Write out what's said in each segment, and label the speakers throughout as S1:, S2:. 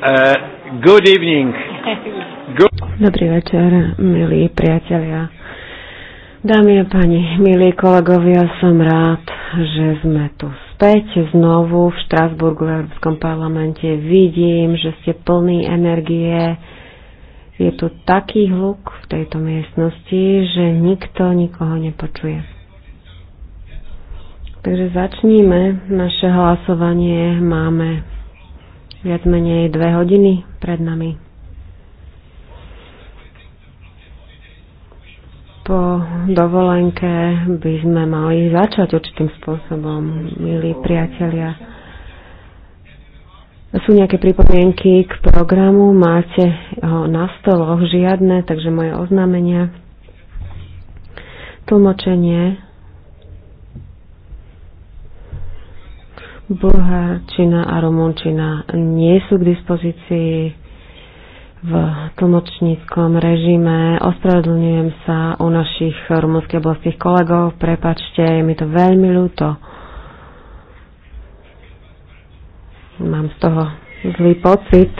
S1: Uh, good evening. Good...
S2: Dobrý večer, milí priatelia. Dámy a pani, milí kolegovia, som rád, že sme tu späť znovu v Štrasburgu v Európskom parlamente. Vidím, že ste plní energie. Je tu taký hluk v tejto miestnosti, že nikto nikoho nepočuje. Takže začníme. Naše hlasovanie máme viac menej dve hodiny pred nami. Po dovolenke by sme mali začať určitým spôsobom, milí priatelia. Sú nejaké pripomienky k programu, máte ho na stoloch žiadne, takže moje oznámenia. Tlmočenie Bulharčina a Rumunčina nie sú k dispozícii v tlmočníckom režime. Ospravedlňujem sa u našich rumunských oblastných kolegov. Prepačte, je mi to veľmi ľúto. Mám z toho zlý pocit.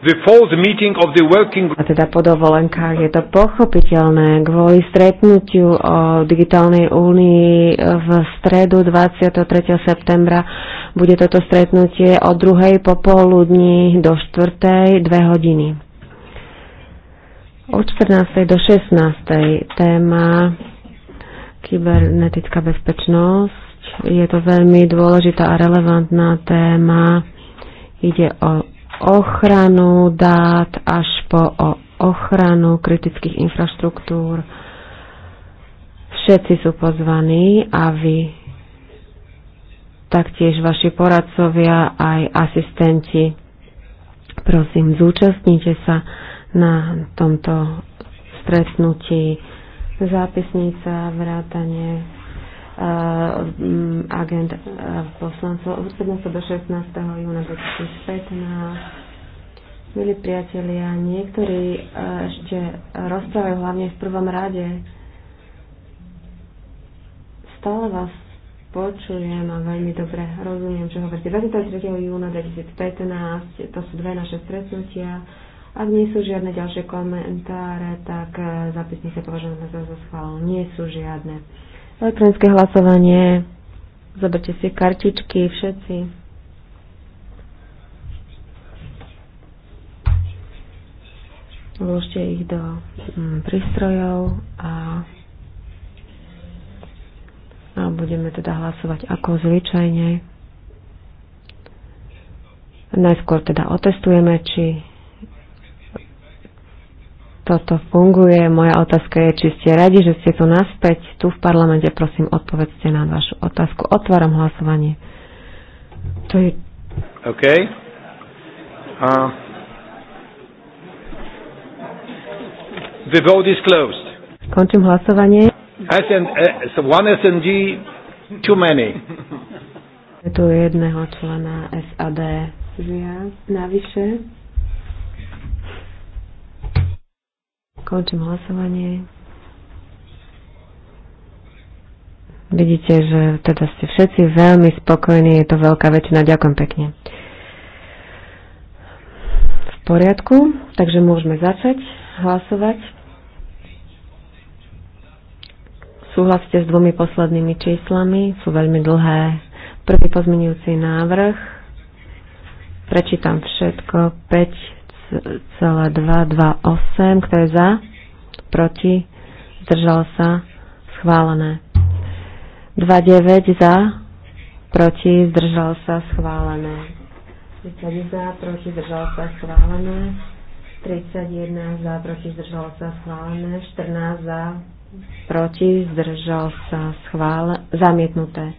S3: A
S2: teda po dovolenkách je to pochopiteľné. Kvôli stretnutiu o digitálnej únii v stredu 23. septembra bude toto stretnutie od druhej popoludní do 4. dve hodiny. Od 14. do 16. téma kybernetická bezpečnosť. Je to veľmi dôležitá a relevantná téma. Ide o ochranu dát až po ochranu kritických infraštruktúr. Všetci sú pozvaní a vy taktiež vaši poradcovia aj asistenti. Prosím, zúčastnite sa na tomto stretnutí zápisnica, vrátanie e, agent e, poslancov od 17. do 16. júna 2015 Milí priatelia, niektorí eh, ešte rozprávajú hlavne v prvom rade. Stále vás počujem a veľmi dobre rozumiem, čo hovoríte. 23. júna 2015, to sú dve naše stretnutia. Ak nie sú žiadne ďalšie komentáre, tak eh, sa považujeme za schválenú. Nie sú žiadne. Elektronické hlasovanie. Zoberte si kartičky všetci. vložte ich do mm, prístrojov a, a budeme teda hlasovať ako zvyčajne. Najskôr teda otestujeme, či toto funguje. Moja otázka je, či ste radi, že ste tu naspäť, tu v parlamente. Prosím, odpovedzte na vašu otázku. Otváram hlasovanie. To je...
S3: OK. Uh... The vote is closed.
S2: Končím hlasovanie.
S3: SN, uh, eh, one SND too many.
S2: Je tu jedného člena SAD Ja, navyše. Končím hlasovanie. Vidíte, že teda ste všetci veľmi spokojní, je to veľká väčšina. Ďakujem pekne. V poriadku, takže môžeme začať hlasovať. Súhlasíte s dvomi poslednými číslami, sú veľmi dlhé. Prvý pozmenujúci návrh, prečítam všetko, 5,228, kto je za, proti, zdržal sa, schválené. 2,9 za, proti, zdržal sa, schválené. 30 za, proti, zdržal sa, schválené. 31 za, proti, zdržal sa, schválené. 14 za, proti, zdržal sa, schvál, zamietnuté.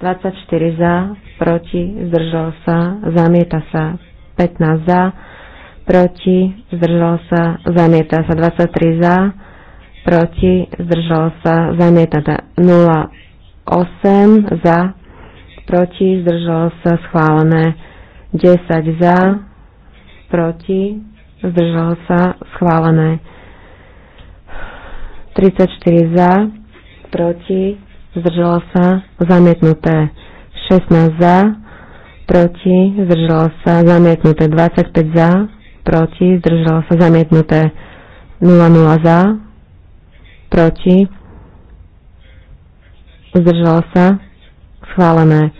S2: 24 za, proti, zdržal sa, zamieta sa. 15 za, proti, zdržal sa, zamieta sa. 23 za, proti, zdržal sa, zamieta sa. 08 za, proti, zdržal sa, schválené. 10 za, proti, zdržal sa, schválené. 34 za, proti, zdržalo sa, zamietnuté. 16 za, proti, zdržalo sa, zamietnuté. 25 za, proti, zdržalo sa, zamietnuté. 00 za, proti, zdržalo sa, schválené.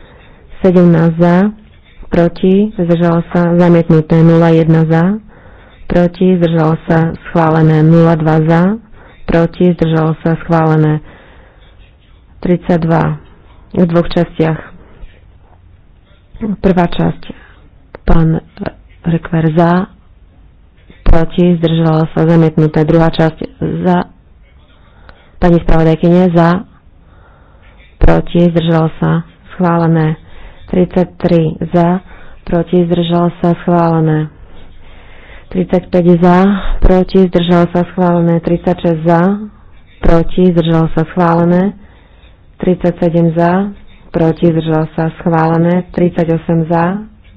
S2: 17 za, proti, zdržalo sa, zamietnuté. 01 za, proti, zdržalo sa, schválené. 02 za, proti, zdržalo sa schválené. 32 v dvoch častiach. Prvá časť, pán Rekver za, proti, zdržalo sa zamietnuté. Druhá časť za, pani spravodajkyne za, proti, zdržalo sa schválené. 33 za, proti, zdržalo sa schválené. 35 za, proti, zdržal sa schválené. 36 za, proti, zdržal sa schválené. 37 za, proti, zdržal sa schválené. 38 za,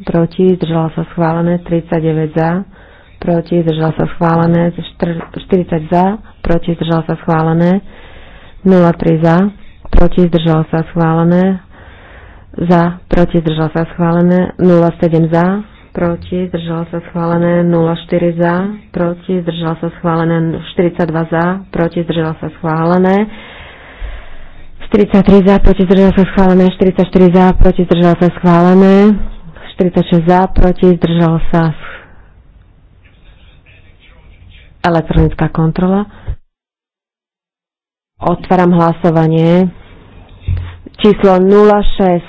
S2: proti, zdržal sa schválené. 39 za, proti, zdržal sa schválené. 40 za, proti, zdržal sa schválené. 03 za, proti, zdržal sa schválené. Za, proti, zdržal sa schválené. 07 za, proti, zdržala sa schválené 04 za, proti, zdržala sa schválené 42 za, proti, zdržala sa schválené 43 za, proti, zdržala sa schválené 44 za, proti, zdržala sa schválené 46 za, proti, zdržala sa elektronická kontrola. Otváram hlasovanie. Číslo 06.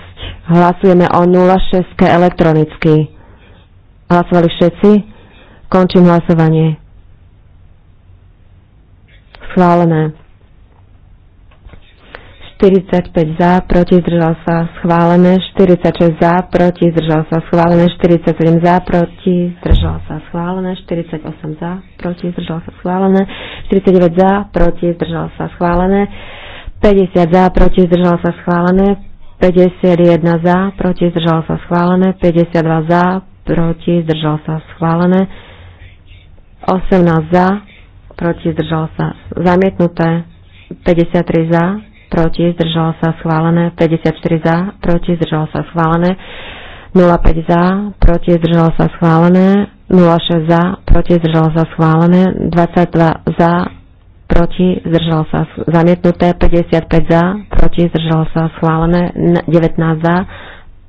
S2: Hlasujeme o 06 elektronicky. Hlasovali všetci. Končím hlasovanie. Schválené. 45 za, proti zdržal sa schválené, 46 za, proti zdržal sa schválené, 47 za, proti zdržal sa schválené, 48 za, proti zdržal sa schválené, 49 za, proti zdržal sa schválené, 50 za, proti zdržal sa schválené, 51 za, proti zdržal sa schválené, 52 za, proti, zdržal sa schválené. 18 za, proti, zdržal sa zamietnuté. 53 za, proti, zdržal sa schválené. 54 za, proti, zdržal sa schválené. 05 za, proti, zdržal sa schválené. 06 za, proti, zdržal sa schválené. 22 za, proti, zdržal sa zamietnuté, 55 za, proti, zdržal sa schválené, 19 za,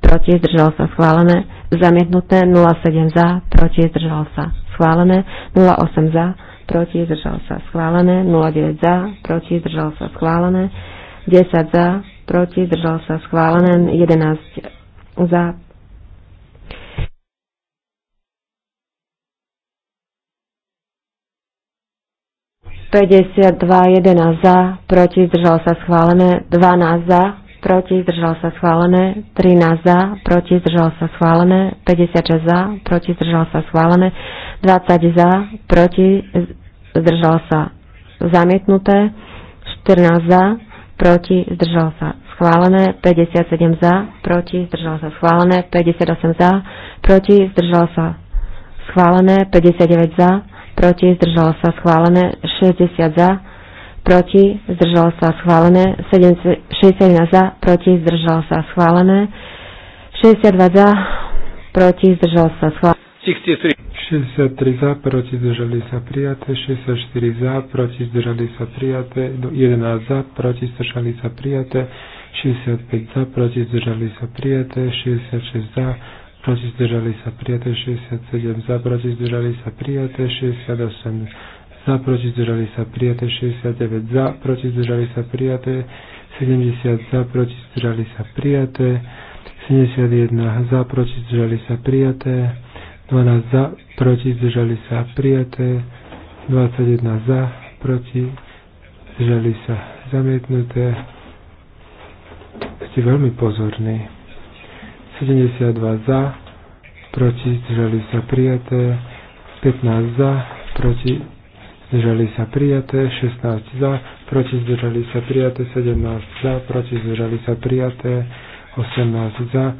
S2: proti, zdržal sa, schválené. Zamietnuté 07 za, proti, zdržal sa, schválené. 08 za, proti, zdržal sa, schválené. 09 za, proti, zdržal sa, schválené. 10 za, proti, zdržal sa, schválené. 11 za, Päťdesiat dva, za, proti, zdržal sa schválené, 12 za, proti, zdržal sa schválené, 13 za, proti, zdržal sa schválené, 56 za, proti, zdržal sa schválené, 20 za, proti, zdržal sa zamietnuté, 14 za, proti, zdržal sa schválené, 57 za, proti, zdržal sa schválené, 58 za, proti, zdržal sa schválené, 59 za, proti, zdržal sa schválené, 60 za, proti, zdržalo sa schválené, 61 za, proti, zdržalo sa schválené, 62 za, proti, zdržalo sa schválené.
S3: 63. 63 za, proti, zdržali sa prijaté, 64 za, proti, zdržali sa prijaté, 11 no, za, proti, zdržali sa prijaté, 65 za, proti, zdržali sa prijaté, 66 za, proti, zdržali sa prijaté, 67 za, proti, zdržali sa prijaté, 68 za, proti zdržali sa prijaté, 69 za, proti zdržali sa prijaté, 70 za, proti zdržali sa prijaté, 71 za, proti zdržali sa prijaté, 12 za, proti zdržali sa prijaté, 21 za, proti zdržali sa zamietnuté. Ste veľmi pozorní. 72 za, proti zdržali sa prijaté, 15 za, proti zdržali sa prijaté, 16 za, proti zdržali sa prijaté, 17 za, proti zdržali sa prijaté, 18 za,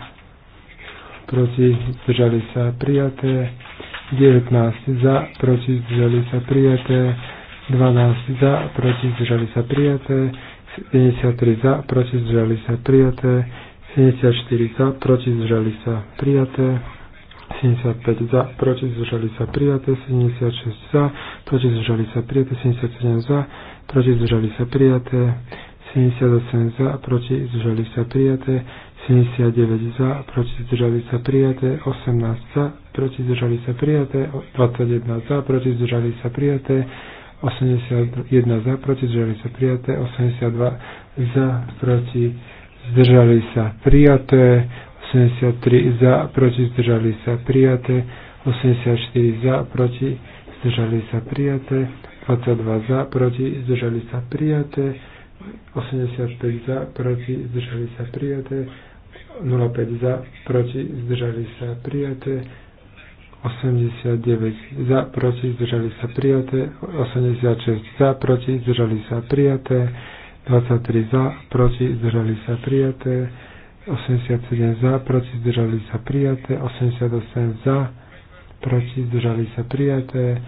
S3: proti zdržali sa prijaté, 19 za, proti zdržali sa prijaté, 12 za, proti zdržali sa prijaté, 73 za, proti zdržali sa prijaté, 74 za, proti zdržali sa prijaté, 75 za, proti zdržali sa prijaté, 76 za, proti zdržali sa prijaté, 77 za, proti zdržali sa prijaté, 78 za, proti zdržali sa prijaté, 79 za, proti zdržali sa prijaté, 18 za, proti zdržali sa prijaté, 21 za, proti zdržali sa prijaté, 81 za, proti zdržali sa prijaté, 82 za, proti zdržali sa prijaté, 83 za, proti zdržali sa prijaté, 84 za, proti zdržali sa prijaté, 22 za, proti, zdržali sa prijaté, 85 za, proti, zdržali sa prijaté, 05 za, proti, zdržali sa prijaté, 89 za, proti, zdržali sa prijaté, 86 za, proti, zdržali sa prijaté, 23 za, proti, zdržali sa prijaté, 87 za, proti, zdržali sa prijaté, 88 za, proti, zdržali sa prijaté,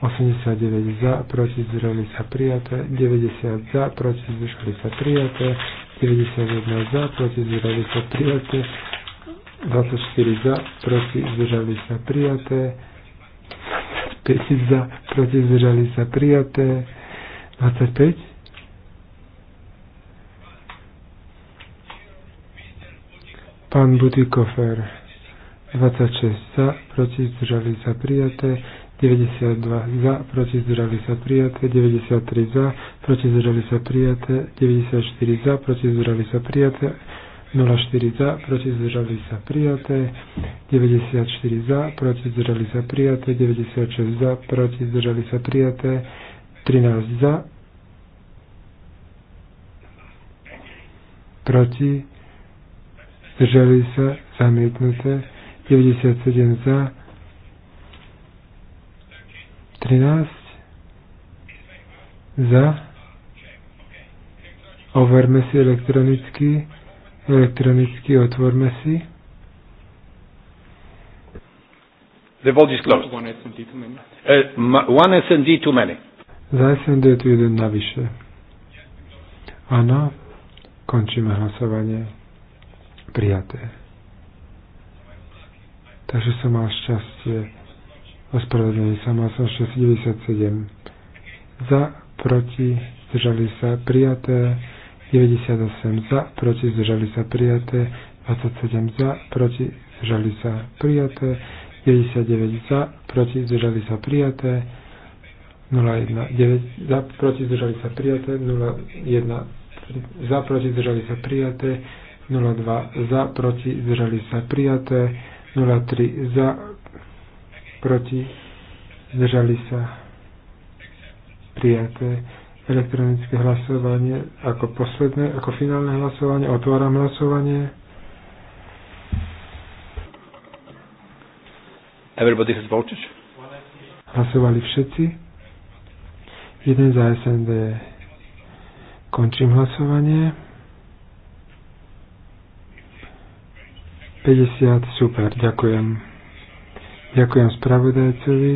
S3: 89 za, proti, zdržali sa prijaté, 90 za, proti, zdržali sa prijaté, 91 za, proti, zdržali sa prijaté, 24 za, proti, zdržali sa prijaté, 5 za, proti, zdržali sa prijaté, 25 Pán Butikofer 26 za, proti zdržali sa prijaté, 92 za, proti zdržali sa prijaté, 93 za, proti zdržali sa prijaté, 94 za, proti zdržali sa prijaté, 04 za, proti zdržali sa prijaté, 94 za, proti zdržali sa prijaté, 96 za, proti zdržali sa prijaté, 13 za, proti zdržali sa zamietnuté, 97 za, 13 za, overme si elektronicky, elektronicky otvorme si. The vote is closed. One SND too many. Uh, one SND too many. Za SND je tu jeden navyše. Áno, končíme hlasovanie. Prijaté takže som mal šťastie. Ospravedlňujem sa, mal som 97. Za, proti, zdržali sa, prijaté. 98 za, proti, zdržali sa, prijaté. 27 za, proti, zdržali sa, prijaté. 99 za, proti, zdržali sa, prijaté. 019 za, proti, zdržali sa, prijaté. 01 za, proti, zdržali sa, prijaté. 02 za, proti, zdržali sa, prijaté. 03 za, proti, zdržali sa, prijaté. Elektronické hlasovanie ako posledné, ako finálne hlasovanie. Otváram hlasovanie. Everybody has voted. Hlasovali všetci. Jeden za SND. Končím hlasovanie. 50, super, ďakujem. Ďakujem spravodajcovi.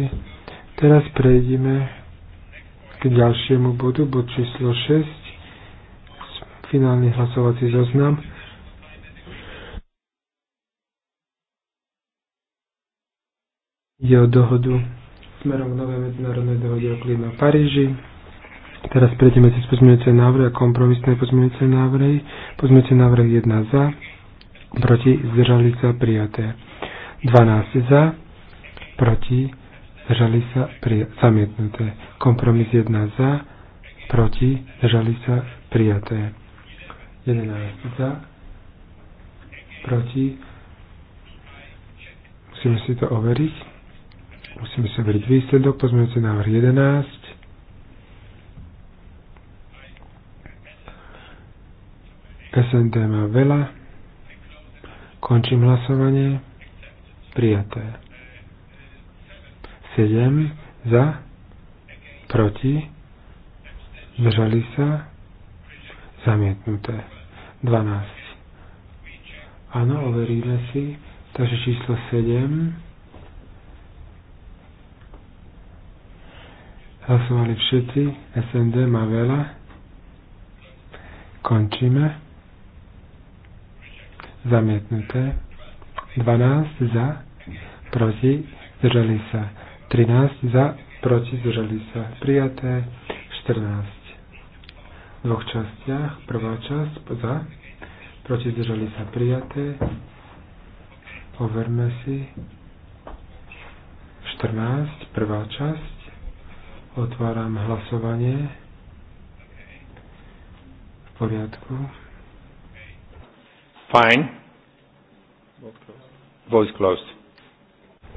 S3: Teraz prejdeme k ďalšiemu bodu, bod číslo 6, finálny hlasovací zoznam. Ide o dohodu smerom k novej medzinárodnej dohode o klíme v Paríži. Teraz prejdeme cez pozmeňujúce návrhy a kompromisné pozmeňujúce návrhy. Pozmeňujúce návrh 1 za, proti, zdržali sa prijaté. 12 za, proti, zdržali sa prijaté. zamietnuté. Kompromis 1 za, proti, zdržali sa prijaté. 11 za, proti, musíme si to overiť. Musíme si overiť výsledok, pozmeňujúci návrh 11. SND má veľa Končím hlasovanie. Prijaté. 7 za, proti, zdržali sa, zamietnuté. 12. Áno, overíme si. Takže číslo 7. Hlasovali všetci. SND má veľa. Končíme zamietnuté. 12 za, proti, zdržali sa. 13 za, proti, zdržali sa. Prijaté. 14. V dvoch častiach. Prvá časť za, proti, zdržali sa. Prijaté. Overme si. 14. Prvá časť. Otváram hlasovanie. V poriadku. Fine. Voice closed.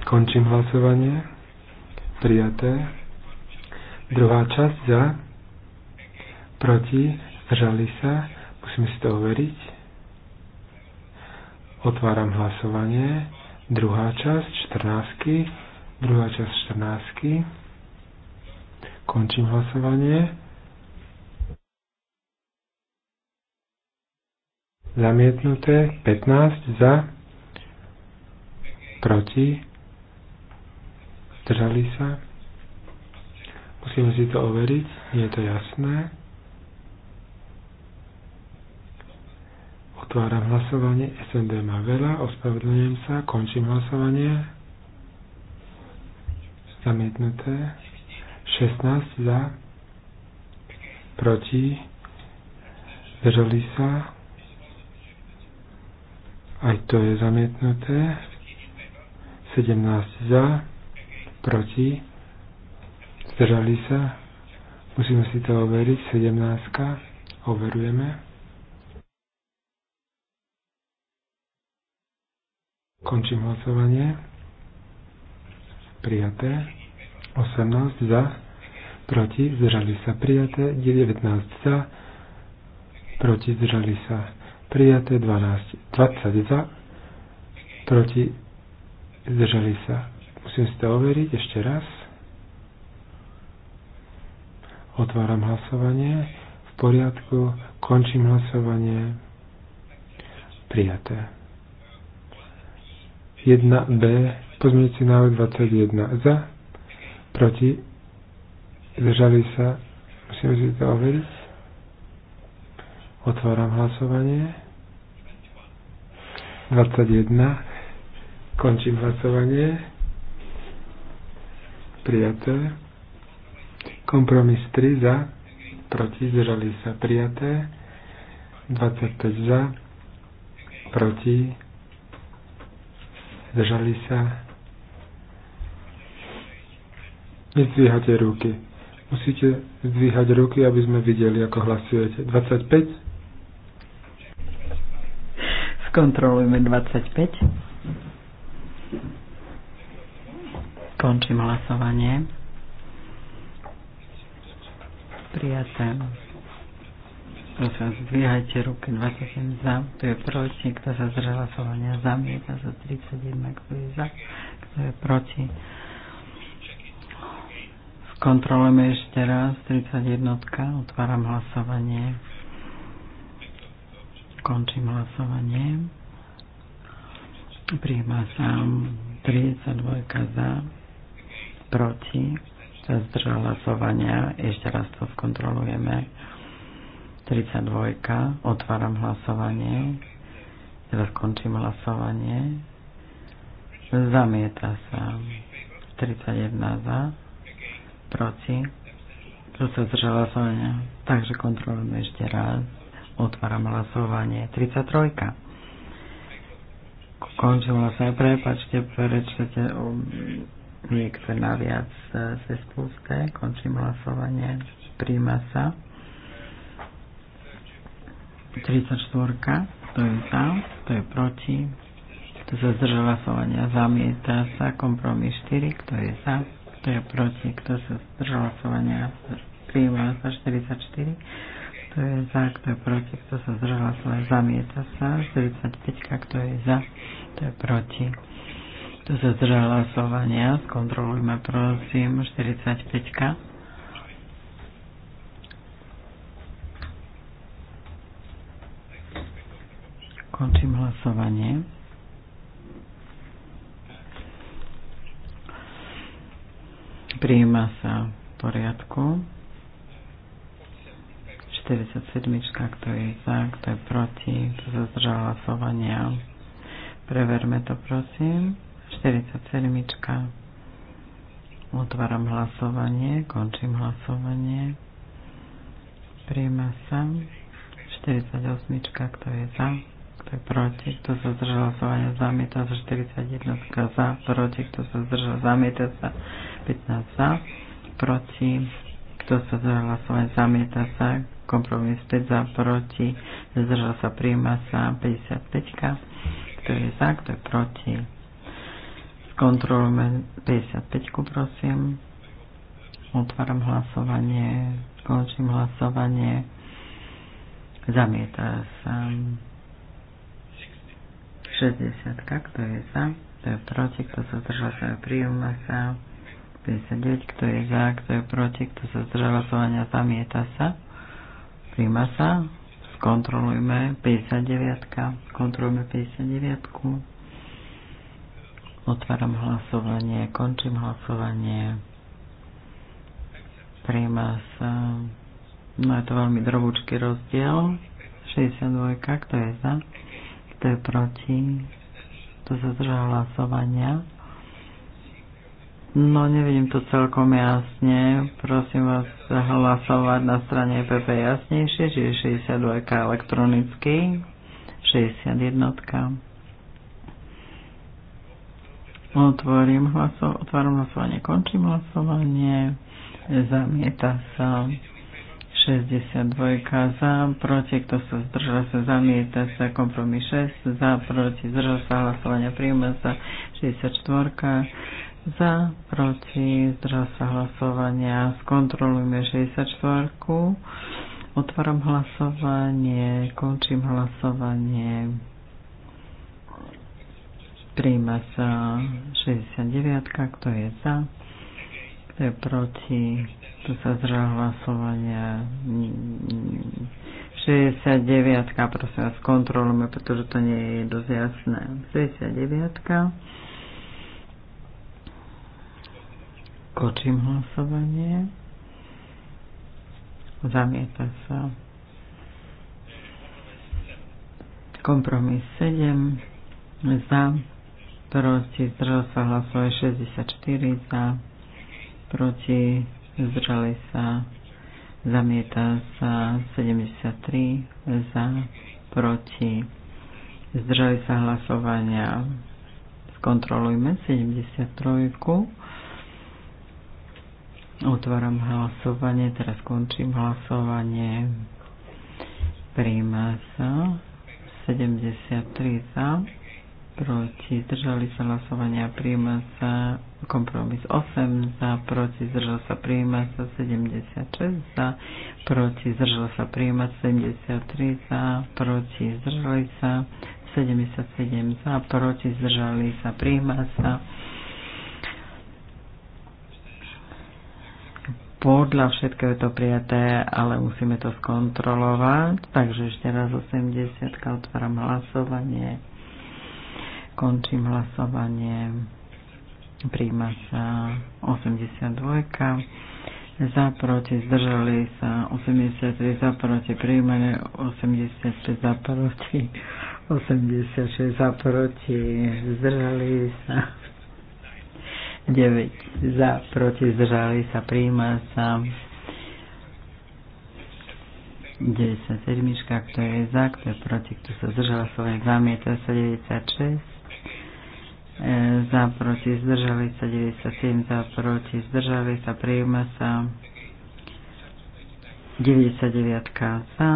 S3: Končím hlasovanie. Prijaté. Druhá časť za. Proti. Zdržali sa. Musíme si to overiť. Otváram hlasovanie. Druhá časť 14. Druhá časť 14. Končím hlasovanie zamietnuté, 15 za, proti, držali sa. Musíme si to overiť, nie je to jasné. Otváram hlasovanie, SND má veľa, ospravedlňujem sa, končím hlasovanie. Zamietnuté. 16 za, proti, držali sa, aj to je zamietnuté. 17 za, proti, zdržali sa. Musíme si to overiť. 17. Overujeme. Končím hlasovanie. Prijaté. 18 za, proti, zdržali sa prijaté. 19 za, proti, zdržali sa prijaté 12, 20 za, proti, zdržali sa. Musím si to overiť ešte raz. Otváram hlasovanie. V poriadku. Končím hlasovanie. Prijaté. 1B. Pozmeňujúci návrh 21 za, proti, zdržali sa. Musím si to overiť. Otváram hlasovanie. 21. Končím hlasovanie. Prijaté. Kompromis 3 za. Proti. Zdržali sa. Prijaté. 25 za. Proti. Zdržali sa. Nezdvíhate ruky. Musíte zdvíhať ruky, aby sme videli, ako hlasujete. 25
S1: Skontrolujme 25. Končím hlasovanie. Prijaté. Prosím, zdvíhajte ruky 27 za, kto je proti, kto sa zdržal hlasovania, mieta sa 31, kto je za, kto je proti. Skontrolujeme ešte raz 31. Otváram hlasovanie. Končím hlasovanie. Prijíma sa 32 za, proti, sa zdržal hlasovania. Ešte raz to skontrolujeme. 32. Otváram hlasovanie. Teraz končím hlasovanie. Zamieta sa. 31 za, proti. To sa zdržal hlasovania. Takže kontrolujeme ešte raz. Otváram hlasovanie. 33. Končím hlasovanie. Prepačte, prečtete niekto naviac se spusté. Končím hlasovanie. Príjma sa. 34. Kto je za? Kto je proti? Kto sa zdržal hlasovania? Zamieta sa. Kompromis 4. Kto je za? Kto je proti? Kto sa zdržal hlasovania? Príjma sa. 44 kto je za, kto je proti, kto sa zdržal sa zamieta sa. 45, kto je za, kto je proti, kto sa zdržal hlasovania, skontrolujme prosím 45. Končím hlasovanie. Prijíma sa v poriadku. 47. Kto je za, kto je proti, kto sa zdržal hlasovania. Preverme to, prosím. 47. Otváram hlasovanie, končím hlasovanie. Príjma sa. 48. Kto je za, kto je proti, kto sa zdržal hlasovania, zamieta sa. 41. Za, proti, kto sa zdržal, zamieta sa. 15. Za, proti, kto sa zdržal hlasovania, zamieta sa kompromis 5 za, proti, zdržal sa, príjma sa 55, kto je za, kto je proti. Skontrolujeme 55, prosím. Otváram hlasovanie, skončím hlasovanie. Zamieta sa 60, kto je za, kto je proti, kto sa zdržal sa, príjma sa. 59, kto je za, kto je proti, kto sa zdržal hlasovania, zamieta sa. Prima sa. Skontrolujme 59. Kontrolujme 59. Otváram hlasovanie. Končím hlasovanie. Prima sa. No je to veľmi drobúčky rozdiel. 62. Kto je za? Kto je proti? Kto sa zdržal hlasovania? No, nevidím to celkom jasne. Prosím vás hlasovať na strane PP e jasnejšie, čiže 62 elektronicky, 61. Otvorím hlasov, otváram hlasovanie, končím hlasovanie, zamieta sa 62 za, proti, kto sa zdržal sa, zamieta sa, kompromis 6 za, proti, zdržal sa hlasovania, príjme sa 64 za, proti, zdržal sa hlasovania. Skontrolujme 64. Otváram hlasovanie, končím hlasovanie. Príjma sa 69. Kto je za? Kto je proti? Kto sa zdržal hlasovania? 69. Prosím vás, kontrolujme, pretože to nie je dosť jasné. 69. Končím hlasovanie. Zamieta sa. Kompromis 7 za, proti zdržal sa hlasovať 64 za, proti zdržali sa, zamieta sa 73 za, proti zdržali sa hlasovania. Skontrolujme 73. Otváram hlasovanie, teraz končím hlasovanie. Príjma sa 73 za, proti, zdržali sa hlasovania, príjma sa kompromis 8 za, proti, zdržal sa, príjma sa 76 za, proti, zdržal sa, príjma 73 za, proti, zdržali sa, 77 za, proti, zdržali sa, príjma sa podľa všetkého je to prijaté, ale musíme to skontrolovať. Takže ešte raz 80, otváram hlasovanie. Končím hlasovanie. Príjma sa 82. Za proti zdržali sa 83 za proti príjmanie 85 za proti 86 za proti zdržali sa 9 za, proti, zdržali sa, príjma sa. 97, kto je za, kto je proti, kto sa zdržal svoje zamieta sa 96, e, za, proti, zdržali sa 97, za, proti, zdržali sa, príjma sa 99 za,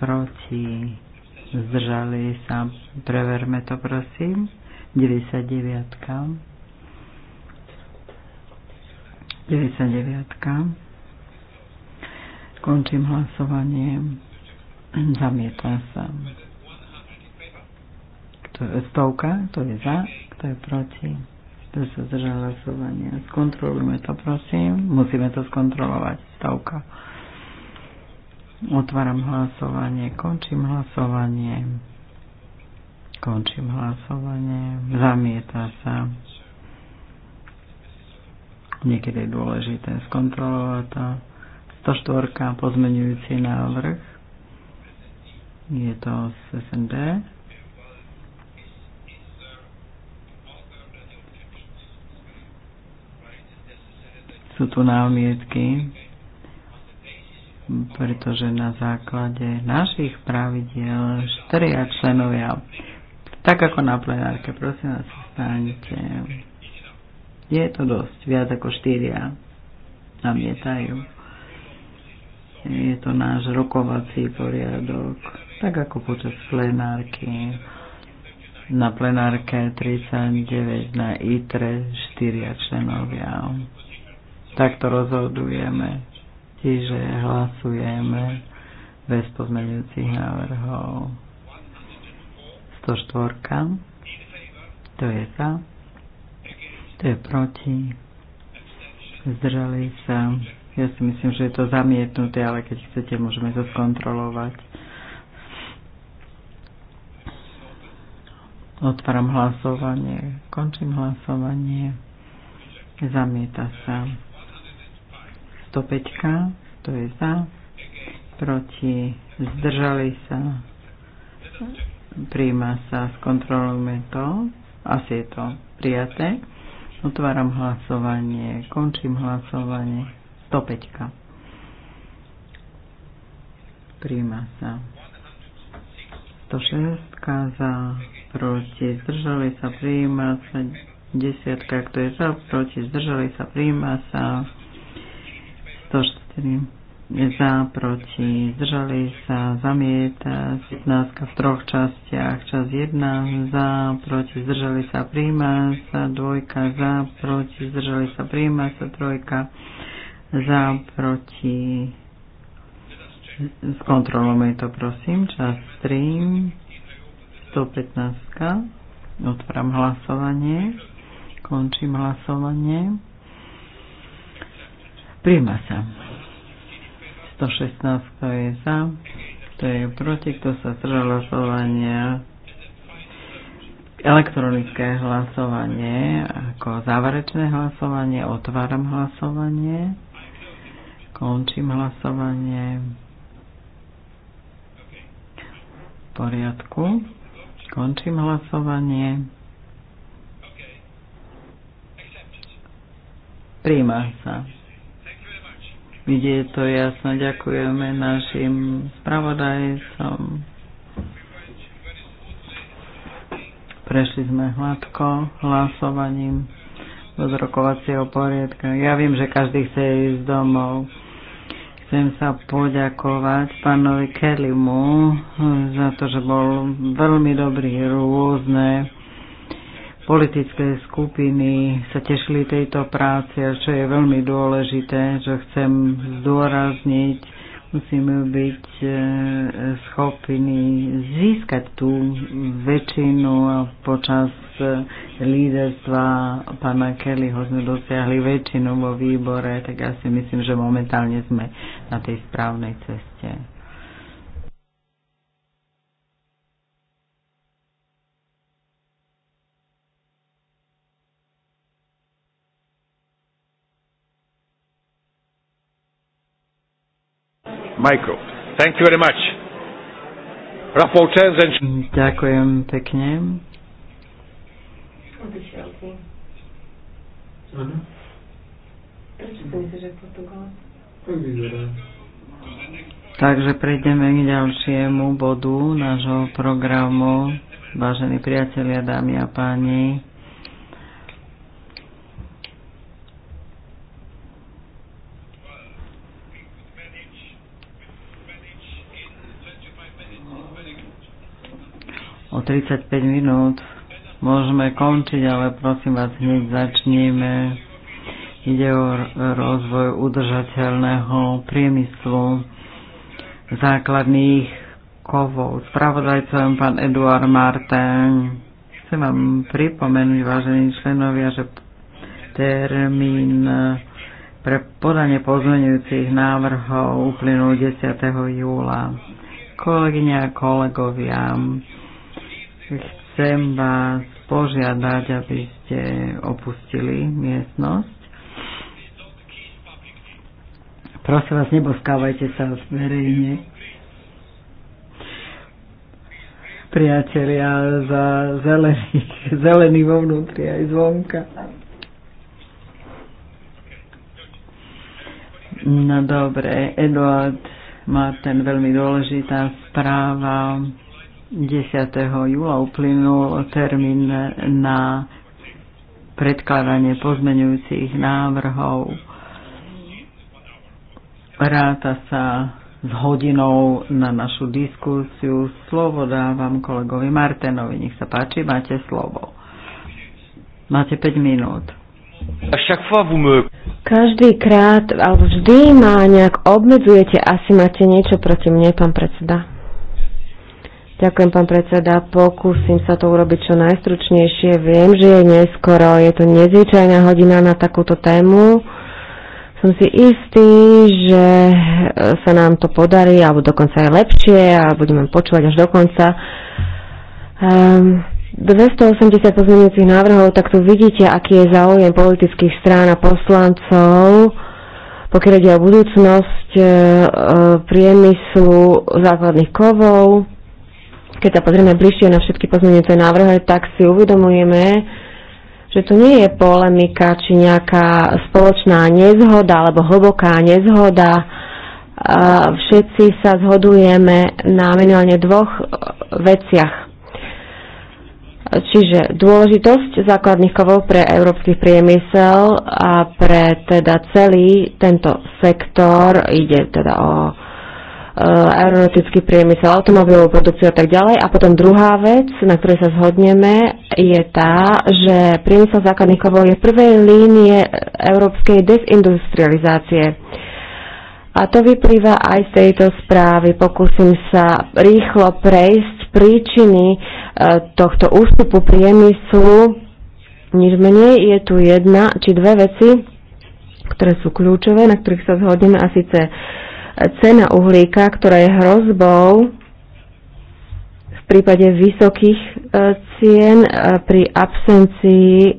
S1: proti, zdržali sa, preverme to prosím, 99 99. Končím hlasovanie. Zamieta sa. Kto je stovka? Kto je za? Kto je proti? Kto sa zdržal hlasovania? Skontrolujme to, prosím. Musíme to skontrolovať. Stovka. Otváram hlasovanie. Končím hlasovanie. Končím hlasovanie. Zamieta sa. Niekedy je dôležité skontrolovať to. 104. pozmenujúci návrh. Je to z SND. Sú tu námietky, pretože na základe našich pravidiel štyria členovia, tak ako na plenárke, prosím vás, staňte je to dosť, viac ako štyria zamietajú. Je to náš rokovací poriadok, tak ako počas plenárky. Na plenárke 39, na ITRE 4 členovia. Takto rozhodujeme, čiže hlasujeme bez pozmeňujúcich návrhov. 104. To je sa. Kto je proti? Zdržali sa. Ja si myslím, že je to zamietnuté, ale keď chcete, môžeme to skontrolovať. Otváram hlasovanie. Končím hlasovanie. Zamieta sa. 105. To je za. Proti. Zdržali sa. Príjma sa. Skontrolujme to. Asi je to prijaté. Otváram hlasovanie, končím hlasovanie. 105. Príjma sa. 106 za, proti, zdržali sa, príjma sa. 10, kto je za, proti, zdržali sa, príjma sa. 104 za, proti, zdržali sa, zamieta, 15 v troch častiach, čas 1 za, proti, zdržali sa, príjma sa, dvojka za, proti, zdržali sa, príjma sa, trojka za, proti, skontrolujme to prosím, čas 3, 115, otváram hlasovanie, končím hlasovanie, príjma sa. 116 je za, kto je proti, kto sa zdržal hlasovania. Elektronické hlasovanie ako záverečné hlasovanie. Otváram hlasovanie. Končím hlasovanie. V poriadku. Končím hlasovanie. Príjma sa kde je to jasno. Ďakujeme našim spravodajcom. Prešli sme hladko hlasovaním do zrokovacieho poriadka. Ja viem, že každý chce ísť domov. Chcem sa poďakovať pánovi Kellymu za to, že bol veľmi dobrý, rôzne politické skupiny sa tešili tejto práce a čo je veľmi dôležité, čo chcem zdôrazniť, musíme byť e, schopní získať tú väčšinu a počas e, líderstva pána Kellyho sme dosiahli väčšinu vo výbore, tak ja si myslím, že momentálne sme na tej správnej ceste. Michael. Thank you very much. Rafał and... Mm, ďakujem pekne. Takže prejdeme k ďalšiemu bodu nášho programu. Vážení priatelia, dámy a páni, o 35 minút. Môžeme končiť, ale prosím vás, hneď začneme. Ide o rozvoj udržateľného priemyslu základných kovov. Spravodajcom pán Eduard Martin. Chcem vám pripomenúť, vážení členovia, že termín pre podanie pozmeňujúcich návrhov uplynul 10. júla. Kolegyne a kolegovia, chcem vás požiadať, aby ste opustili miestnosť. Prosím vás, neboskávajte sa verejne. Priatelia za zelených, zelený vo vnútri aj zvonka. No dobre, Eduard má ten veľmi dôležitá správa 10. júla uplynul termín na predkladanie pozmenujúcich návrhov. Ráta sa s hodinou na našu diskusiu. Slovo dávam kolegovi Martenovi. Nech sa páči, máte slovo. Máte 5 minút.
S2: Každý krát, alebo vždy ma nejak obmedzujete, asi máte niečo proti mne, pán predseda. Ďakujem, pán predseda. Pokúsim sa to urobiť čo najstručnejšie. Viem, že je neskoro. Je to nezvyčajná hodina na takúto tému. Som si istý, že e, sa nám to podarí, alebo dokonca aj lepšie a budeme počúvať až do konca. Um, ehm, 280 pozmeňujúcich návrhov, tak tu vidíte, aký je záujem politických strán a poslancov pokiaľ ide o budúcnosť e, e, priemyslu základných kovov, keď sa pozrieme bližšie na všetky pozmeňujúce návrhy, tak si uvedomujeme, že to nie je polemika či nejaká spoločná nezhoda alebo hlboká nezhoda. Všetci sa zhodujeme na minimálne dvoch e, veciach. Čiže dôležitosť základných kovov pre európsky priemysel a pre teda celý tento sektor ide teda o Eh, aeronautický priemysel, automobilovú produkciu a tak ďalej. A potom druhá vec, na ktorej sa zhodneme, je tá, že priemysel základných kovov je v prvej línie európskej desindustrializácie. A to vyplýva aj z tejto správy. Pokúsim sa rýchlo prejsť príčiny eh, tohto ústupu priemyslu. Nič menej je tu jedna či dve veci, ktoré sú kľúčové, na ktorých sa zhodneme a síce cena uhlíka, ktorá je hrozbou v prípade vysokých e, cien e, pri absencii e,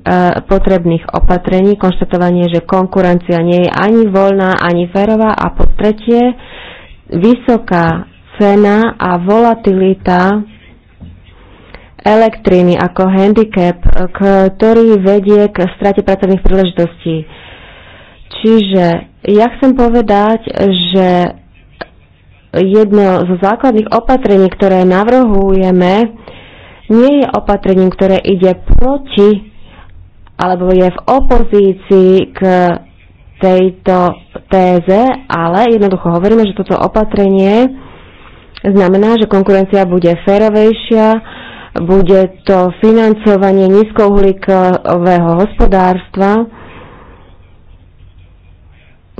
S2: potrebných opatrení, konštatovanie, že konkurencia nie je ani voľná, ani férová a po tretie vysoká cena a volatilita elektriny ako handicap, ktorý vedie k strate pracovných príležitostí. Čiže ja chcem povedať, že jedno zo základných opatrení, ktoré navrhujeme, nie je opatrením, ktoré ide proti alebo je v opozícii k tejto téze, ale jednoducho hovoríme, že toto opatrenie znamená, že konkurencia bude férovejšia, bude to financovanie nízkouhlíkového hospodárstva,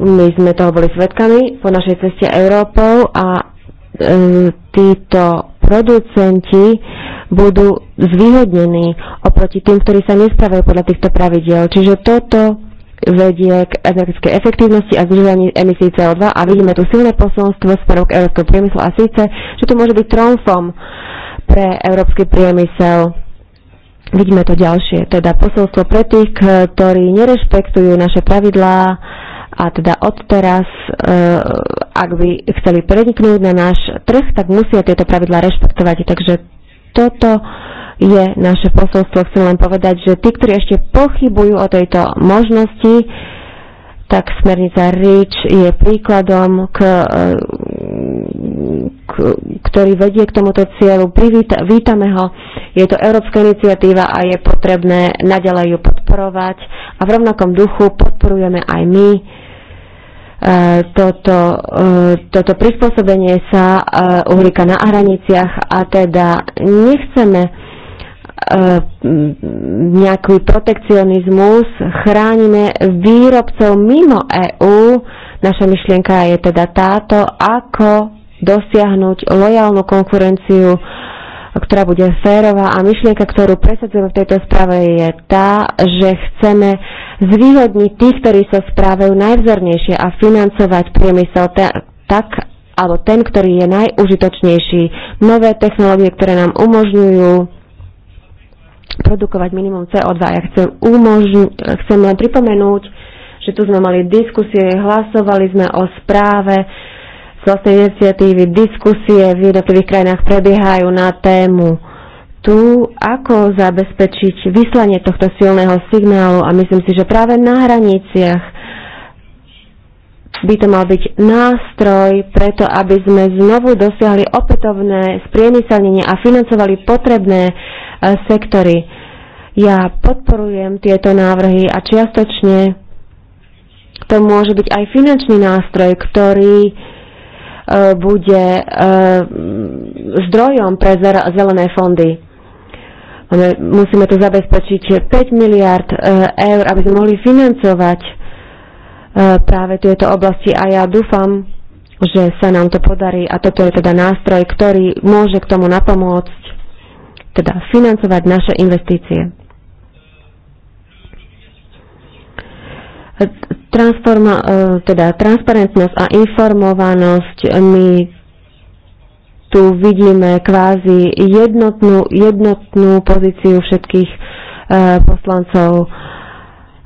S2: my sme toho boli svetkami po našej ceste Európou a e, títo producenti budú zvýhodnení oproti tým, ktorí sa nespravajú podľa týchto pravidiel. Čiže toto vedie k energetickej efektívnosti a zdržovaní emisí CO2 a vidíme tu silné posolstvo z prvok európskeho priemyslu a síce, že to môže byť tromfom pre európsky priemysel. Vidíme to ďalšie, teda posolstvo pre tých, ktorí nerešpektujú naše pravidlá, a teda odteraz, e, ak by chceli preniknúť na náš trh, tak musia tieto pravidlá rešpektovať. Takže toto je naše posolstvo. Chcem len povedať, že tí, ktorí ešte pochybujú o tejto možnosti, tak smernica REACH je príkladom, k, e, k, ktorý vedie k tomuto cieľu. Privíta, vítame ho. Je to európska iniciatíva a je potrebné naďalej ju podporovať. A v rovnakom duchu podporujeme aj my E, toto, e, toto prispôsobenie sa e, uhlíka na hraniciach a teda nechceme nejaký protekcionizmus, chránime výrobcov mimo EÚ. Naša myšlienka je teda táto, ako dosiahnuť lojálnu konkurenciu ktorá bude férová a myšlienka, ktorú presadzujeme v tejto správe je tá, že chceme zvýhodniť tých, ktorí sa správajú najvzornejšie a financovať priemysel tak, alebo ten, ktorý je najužitočnejší. Nové technológie, ktoré nám umožňujú produkovať minimum CO2. Ja chcem, umožň- chcem len pripomenúť, že tu sme mali diskusie, hlasovali sme o správe, vlastnej iniciatívy, diskusie v jednotlivých krajinách prebiehajú na tému tu, ako zabezpečiť vyslanie tohto silného signálu a myslím si, že práve na hraniciach by to mal byť nástroj preto, aby sme znovu dosiahli opätovné spriemyselnenie a financovali potrebné e, sektory. Ja podporujem tieto návrhy a čiastočne to môže byť aj finančný nástroj, ktorý E, bude e, zdrojom pre zelené fondy. Musíme to zabezpečiť 5 miliard e, eur, aby sme mohli financovať práve tieto oblasti a ja dúfam, že sa nám to podarí a toto je teda nástroj, ktorý môže k tomu napomôcť, teda financovať naše investície. Transforma, e, teda transparentnosť a informovanosť e, my tu vidíme kvázi jednotnú, jednotnú pozíciu všetkých e, poslancov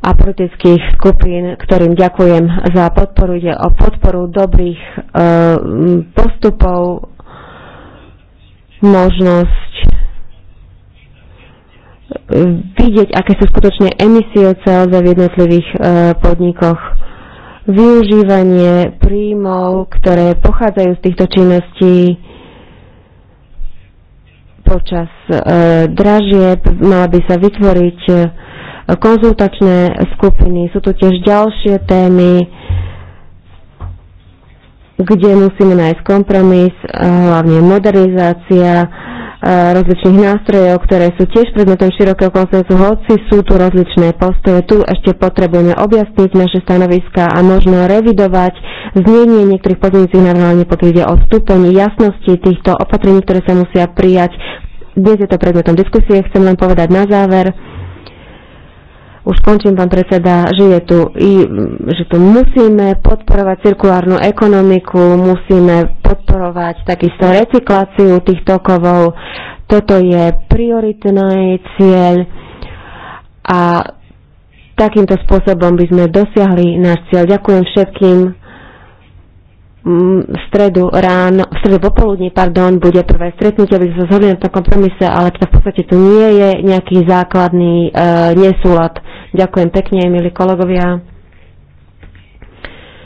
S2: a politických skupín, ktorým ďakujem za podporu. Ide o podporu dobrých e, postupov, možnosť vidieť, aké sú skutočne emisie CO2 v jednotlivých e, podnikoch. Využívanie príjmov, ktoré pochádzajú z týchto činností počas e, dražieb, mala by sa vytvoriť e, konzultačné skupiny. Sú tu tiež ďalšie témy, kde musíme nájsť kompromis, e, hlavne modernizácia E, rozličných nástrojov, ktoré sú tiež predmetom širokého konsenzu, hoci sú tu rozličné postoje. Tu ešte potrebujeme objasniť naše stanoviska a možno revidovať znenie niektorých pozmeňujúcich návrhov, pokiaľ ide o stupeň jasnosti týchto opatrení, ktoré sa musia prijať. Dnes je to predmetom diskusie. Chcem len povedať na záver, už končím, pán predseda, že, je tu, i, že tu musíme podporovať cirkulárnu ekonomiku, musíme podporovať takisto recykláciu tých tokovov. Toto je prioritný cieľ a takýmto spôsobom by sme dosiahli náš cieľ. Ďakujem všetkým. V stredu ráno, v stredu popoludní, pardon, bude prvé stretnutie, aby sme sa zhodli na tom kompromise, ale to teda v podstate tu nie je nejaký základný e, nesúlad. Ďakujem pekne, milí kolegovia.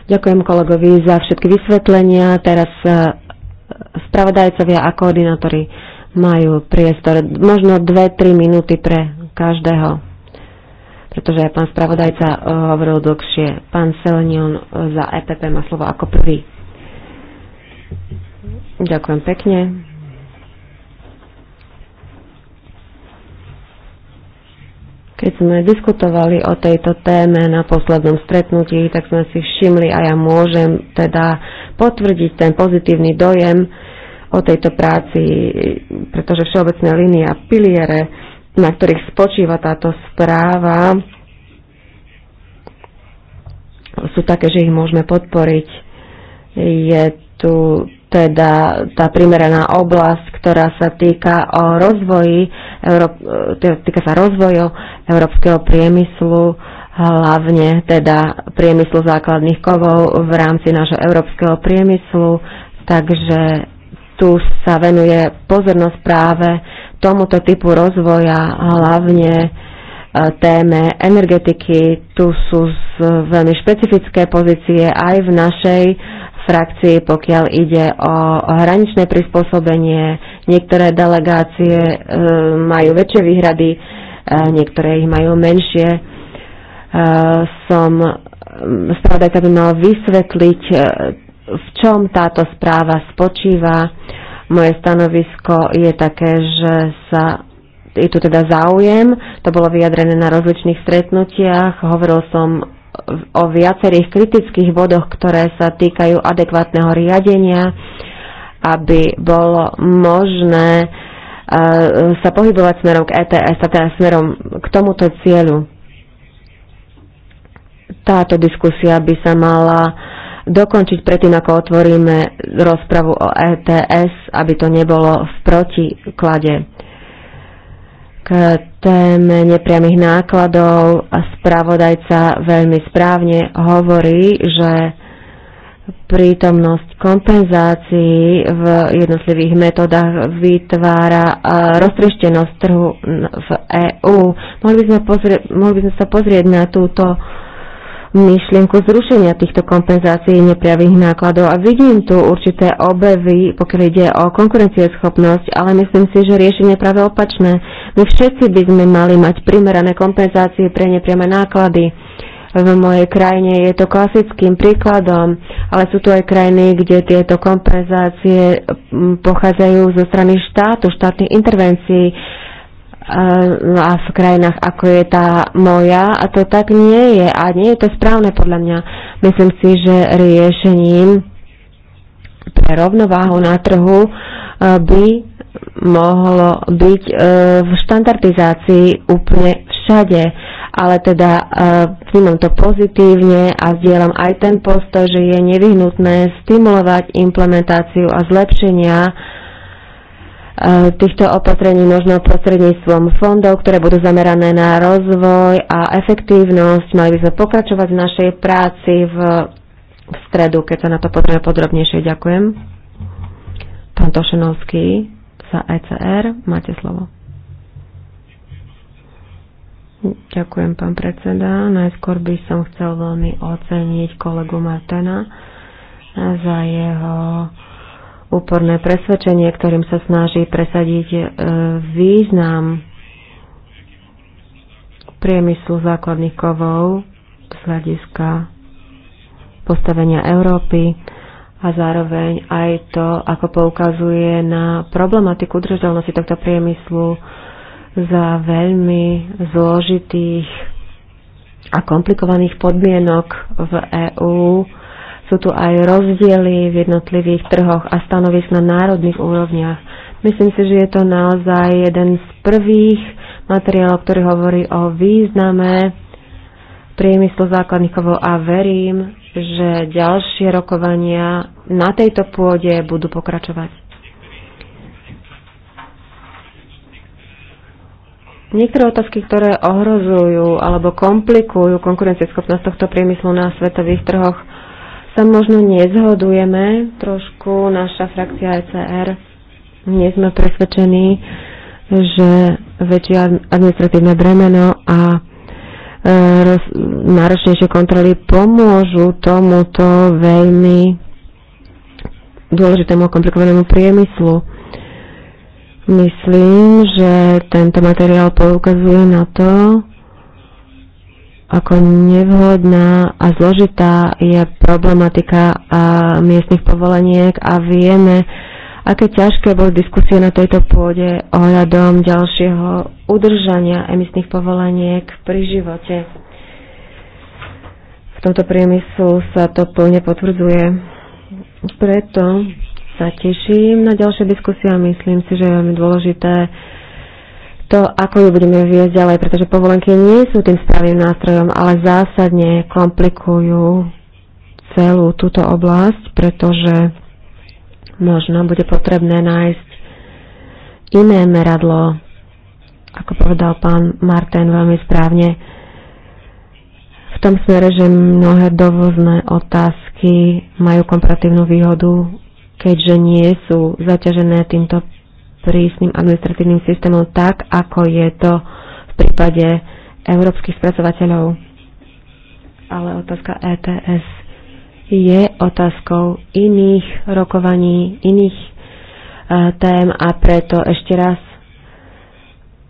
S2: Ďakujem kolegovi za všetky vysvetlenia. Teraz e, spravodajcovia a koordinátori majú priestor možno 2-3 minúty pre každého, pretože aj pán spravodajca e, hovoril dlhšie. Pán Selenion e, za EPP má slovo ako prvý. Ďakujem pekne. Keď sme diskutovali o tejto téme na poslednom stretnutí, tak sme si všimli a ja môžem teda potvrdiť ten pozitívny dojem o tejto práci, pretože všeobecné línie a piliere, na ktorých spočíva táto správa, sú také, že ich môžeme podporiť. Je tu teda tá primeraná oblasť, ktorá sa týka o rozvoji, e, týka sa rozvoju európskeho priemyslu, hlavne teda priemyslu základných kovov v rámci nášho európskeho priemyslu, takže tu sa venuje pozornosť práve tomuto typu rozvoja, hlavne e, téme energetiky. Tu sú z veľmi špecifické pozície aj v našej frakcii, pokiaľ ide o hraničné prispôsobenie. Niektoré delegácie e, majú väčšie výhrady, e, niektoré ich majú menšie. E, som mm, spravodajca by mal vysvetliť, v čom táto správa spočíva. Moje stanovisko je také, že sa je tu teda záujem, to bolo vyjadrené na rozličných stretnutiach, hovoril som o viacerých kritických bodoch, ktoré sa týkajú adekvátneho riadenia, aby bolo možné e, sa pohybovať smerom k ETS a teda smerom k tomuto cieľu. Táto diskusia by sa mala dokončiť predtým, ako otvoríme rozpravu o ETS, aby to nebolo v protiklade k téme nepriamých nákladov a spravodajca veľmi správne hovorí, že prítomnosť kompenzácií v jednotlivých metodách vytvára e, roztrieštenosť trhu v EÚ. Mohli by sme, mohli by sme sa pozrieť na túto myšlienku zrušenia týchto kompenzácií nepriavých nákladov a vidím tu určité obevy, pokiaľ ide o konkurencieschopnosť, ale myslím si, že riešenie je práve opačné. My všetci by sme mali mať primerané kompenzácie pre nepriame náklady. V mojej krajine je to klasickým príkladom, ale sú tu aj krajiny, kde tieto kompenzácie pochádzajú zo strany štátu, štátnych intervencií no a v krajinách ako je tá moja a to tak nie je a nie je to správne podľa mňa. Myslím si, že riešením pre rovnováhu na trhu e, by mohlo byť e, v štandardizácii úplne všade, ale teda e, vnímam to pozitívne a vzdielam aj ten postoj, že je nevyhnutné stimulovať implementáciu a zlepšenia Eh, týchto opatrení možno prostredníctvom fondov, ktoré budú zamerané na rozvoj a efektívnosť. Mali by sme pokračovať v našej práci v, v stredu, keď sa na to potrebuje podrobnejšie. Ďakujem. Pán Tošenovský za ECR, máte slovo. Ďakujem, pán predseda. Najskôr by som chcel veľmi oceniť kolegu Martena eh, za jeho úporné presvedčenie, ktorým sa snaží presadiť e, význam priemyslu základných kovov z hľadiska postavenia Európy a zároveň aj to, ako poukazuje na problematiku udržateľnosti tohto priemyslu za veľmi zložitých a komplikovaných podmienok v EÚ sú tu aj rozdiely v jednotlivých trhoch a stanovisk na národných úrovniach. Myslím si, že je to naozaj jeden z prvých materiálov, ktorý hovorí o význame priemyslu základných kovov a verím, že ďalšie rokovania na tejto pôde budú pokračovať. Niektoré otázky, ktoré ohrozujú alebo komplikujú konkurencieschopnosť tohto priemyslu na svetových trhoch, sa možno nezhodujeme trošku, naša frakcia ECR. Nie sme presvedčení, že väčšie administratívne bremeno a e, roz, náročnejšie kontroly pomôžu tomuto veľmi dôležitému a komplikovanému priemyslu. Myslím, že tento materiál poukazuje na to, ako nevhodná a zložitá je problematika a miestnych povoleniek a vieme, aké ťažké boli diskusie na tejto pôde ohľadom ďalšieho udržania emisných povoleniek pri živote. V tomto priemyslu sa to plne potvrdzuje. Preto sa teším na ďalšie diskusie a myslím si, že je veľmi dôležité to, ako ju budeme viesť ďalej, pretože povolenky nie sú tým správnym nástrojom, ale zásadne komplikujú celú túto oblasť, pretože možno bude potrebné nájsť iné meradlo, ako povedal pán Martin veľmi správne, v tom smere, že mnohé dovozné otázky majú komparatívnu výhodu, keďže nie sú zaťažené týmto prísnym administratívnym systémom tak, ako je to v prípade európskych spracovateľov. Ale otázka ETS je otázkou iných rokovaní, iných e, tém a preto ešte raz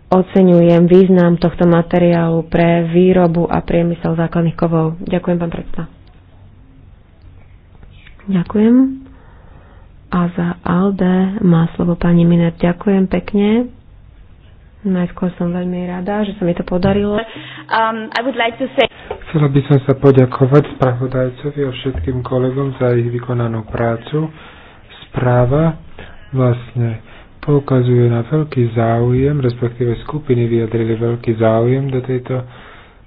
S2: oceňujem význam tohto materiálu pre výrobu a priemysel základných kovov. Ďakujem, pán predseda. Ďakujem. A za ALDE má slovo pani Miner. Ďakujem pekne. Najskôr som veľmi rada, že sa mi to podarilo. Um, I would like to say...
S3: Chcela by som sa poďakovať spravodajcovi a všetkým kolegom za ich vykonanú prácu. Správa vlastne poukazuje na veľký záujem, respektíve skupiny vyjadrili veľký záujem do tejto,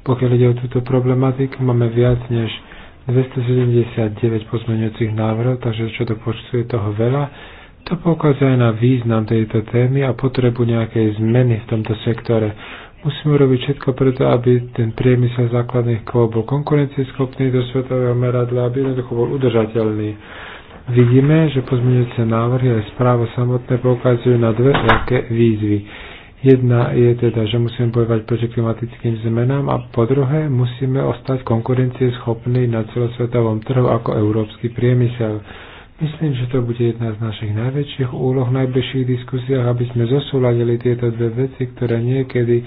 S3: pokiaľ ide o túto problematiku. Máme viac než 279 pozmeňujúcich návrhov, takže čo to počtu je toho veľa. To poukazuje na význam tejto témy a potrebu nejakej zmeny v tomto sektore. Musíme urobiť všetko preto, aby ten priemysel základných kôl bol konkurencieschopný do svetového meradla, aby jednoducho bol udržateľný. Vidíme, že pozmeňujúce návrhy aj správa samotné poukazujú na dve veľké výzvy. Jedna je teda, že musíme bojovať proti klimatickým zmenám a po druhé musíme ostať konkurencieschopní na celosvetovom trhu ako európsky priemysel. Myslím, že to bude jedna z našich najväčších úloh v najbližších diskusiách, aby sme zosúladili tieto dve veci, ktoré niekedy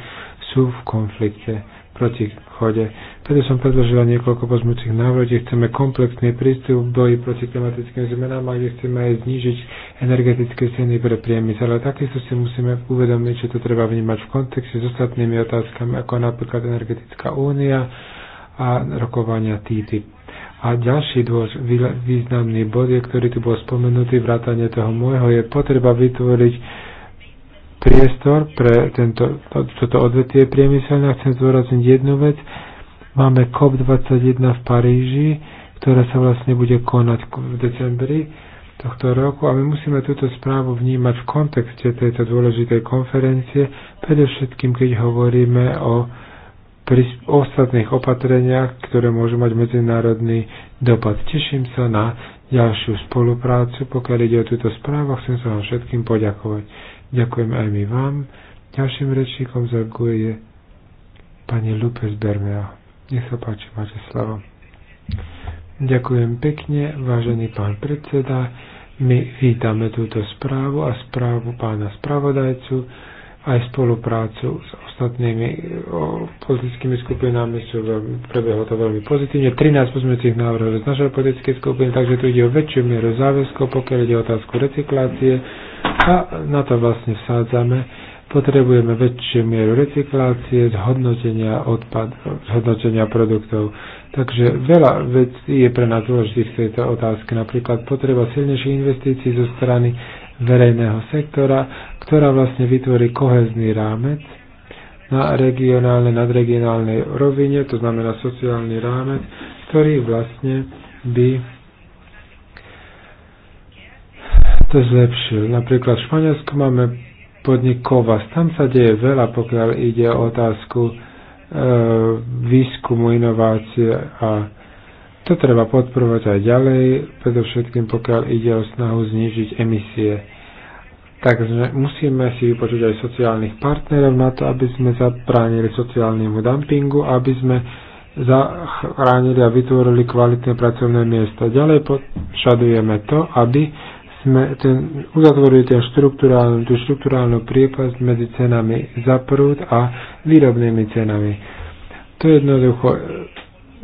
S3: sú v konflikte proti chode. Preto som predložila niekoľko pozmúcich návrhov, kde chceme komplexný prístup v boji proti klimatickým zmenám a kde chceme aj znížiť energetické ceny pre priemysel. Ale takisto si musíme uvedomiť, že to treba vnímať v kontexte s ostatnými otázkami, ako napríklad Energetická únia a rokovania TTIP. A ďalší dôž, významný bod, je, ktorý tu bol spomenutý, vrátanie toho môjho, je potreba vytvoriť priestor pre tento, to, toto odvetie priemyselné. Chcem zdôrazniť jednu vec. Máme COP21 v Paríži, ktorá sa vlastne bude konať v decembri tohto roku a my musíme túto správu vnímať v kontexte tejto dôležitej konferencie, predovšetkým keď hovoríme o pri ostatných opatreniach, ktoré môžu mať medzinárodný dopad. Teším sa na ďalšiu spoluprácu, pokiaľ ide o túto správu, chcem sa vám všetkým poďakovať. Ďakujem aj my vám. Ďalším rečníkom za guje je pani Lupes Bermea. Nech sa páči, máte slovo. Ďakujem pekne, vážený pán predseda. My vítame túto správu a správu pána spravodajcu aj spoluprácu s ostatnými politickými skupinami sú veľmi, prebehlo to veľmi pozitívne. 13 pozmeňujúcich návrhov z našej politickej skupiny, takže tu ide o väčšiu mieru záväzkov, pokiaľ ide o otázku recyklácie, a na to vlastne vsádzame. Potrebujeme väčšiu mieru recyklácie, zhodnotenia, odpad, zhodnotenia produktov. Takže veľa vecí je pre nás dôležitých v tejto otázke. Napríklad potreba silnejších investícií zo strany verejného sektora, ktorá vlastne vytvorí kohezný rámec na regionálnej, nadregionálnej rovine, to znamená sociálny rámec, ktorý vlastne by to zlepšil. Napríklad v Španielsku máme podnik Kovas. Tam sa deje veľa, pokiaľ ide o otázku e, výskumu, inovácie a to treba podporovať aj ďalej, predovšetkým pokiaľ ide o snahu znižiť emisie. Takže musíme si vypočuť aj sociálnych partnerov na to, aby sme zabránili sociálnemu dumpingu, aby sme zachránili a vytvorili kvalitné pracovné miesta. Ďalej požadujeme to, aby sme ten, uzatvorili ten štruktúrálnu, tú štruktúrálnu priepasť medzi cenami za prúd a výrobnými cenami. To jednoducho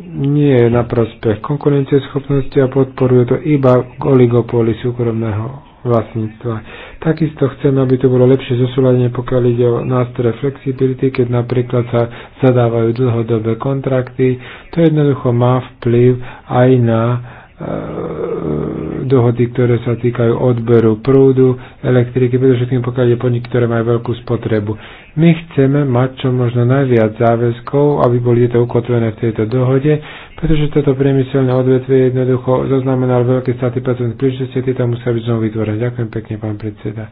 S3: nie je na prospech konkurencieschopnosti a podporuje to iba oligopóly súkromného vlastníctva. Takisto chceme, aby to bolo lepšie zosúladenie, pokiaľ ide o nástroje flexibility, keď napríklad sa zadávajú dlhodobé kontrakty. To jednoducho má vplyv aj na E, dohody, ktoré sa týkajú odberu prúdu, elektriky, predovšetkým pokiaľ je podnik, ktoré majú veľkú spotrebu. My chceme mať čo možno najviac záväzkov, aby boli to ukotvené v tejto dohode, pretože toto priemyselné odvetvie jednoducho zaznamenalo veľké státy pracovných a tieto musia byť znovu vytvorené. Ďakujem pekne, pán predseda.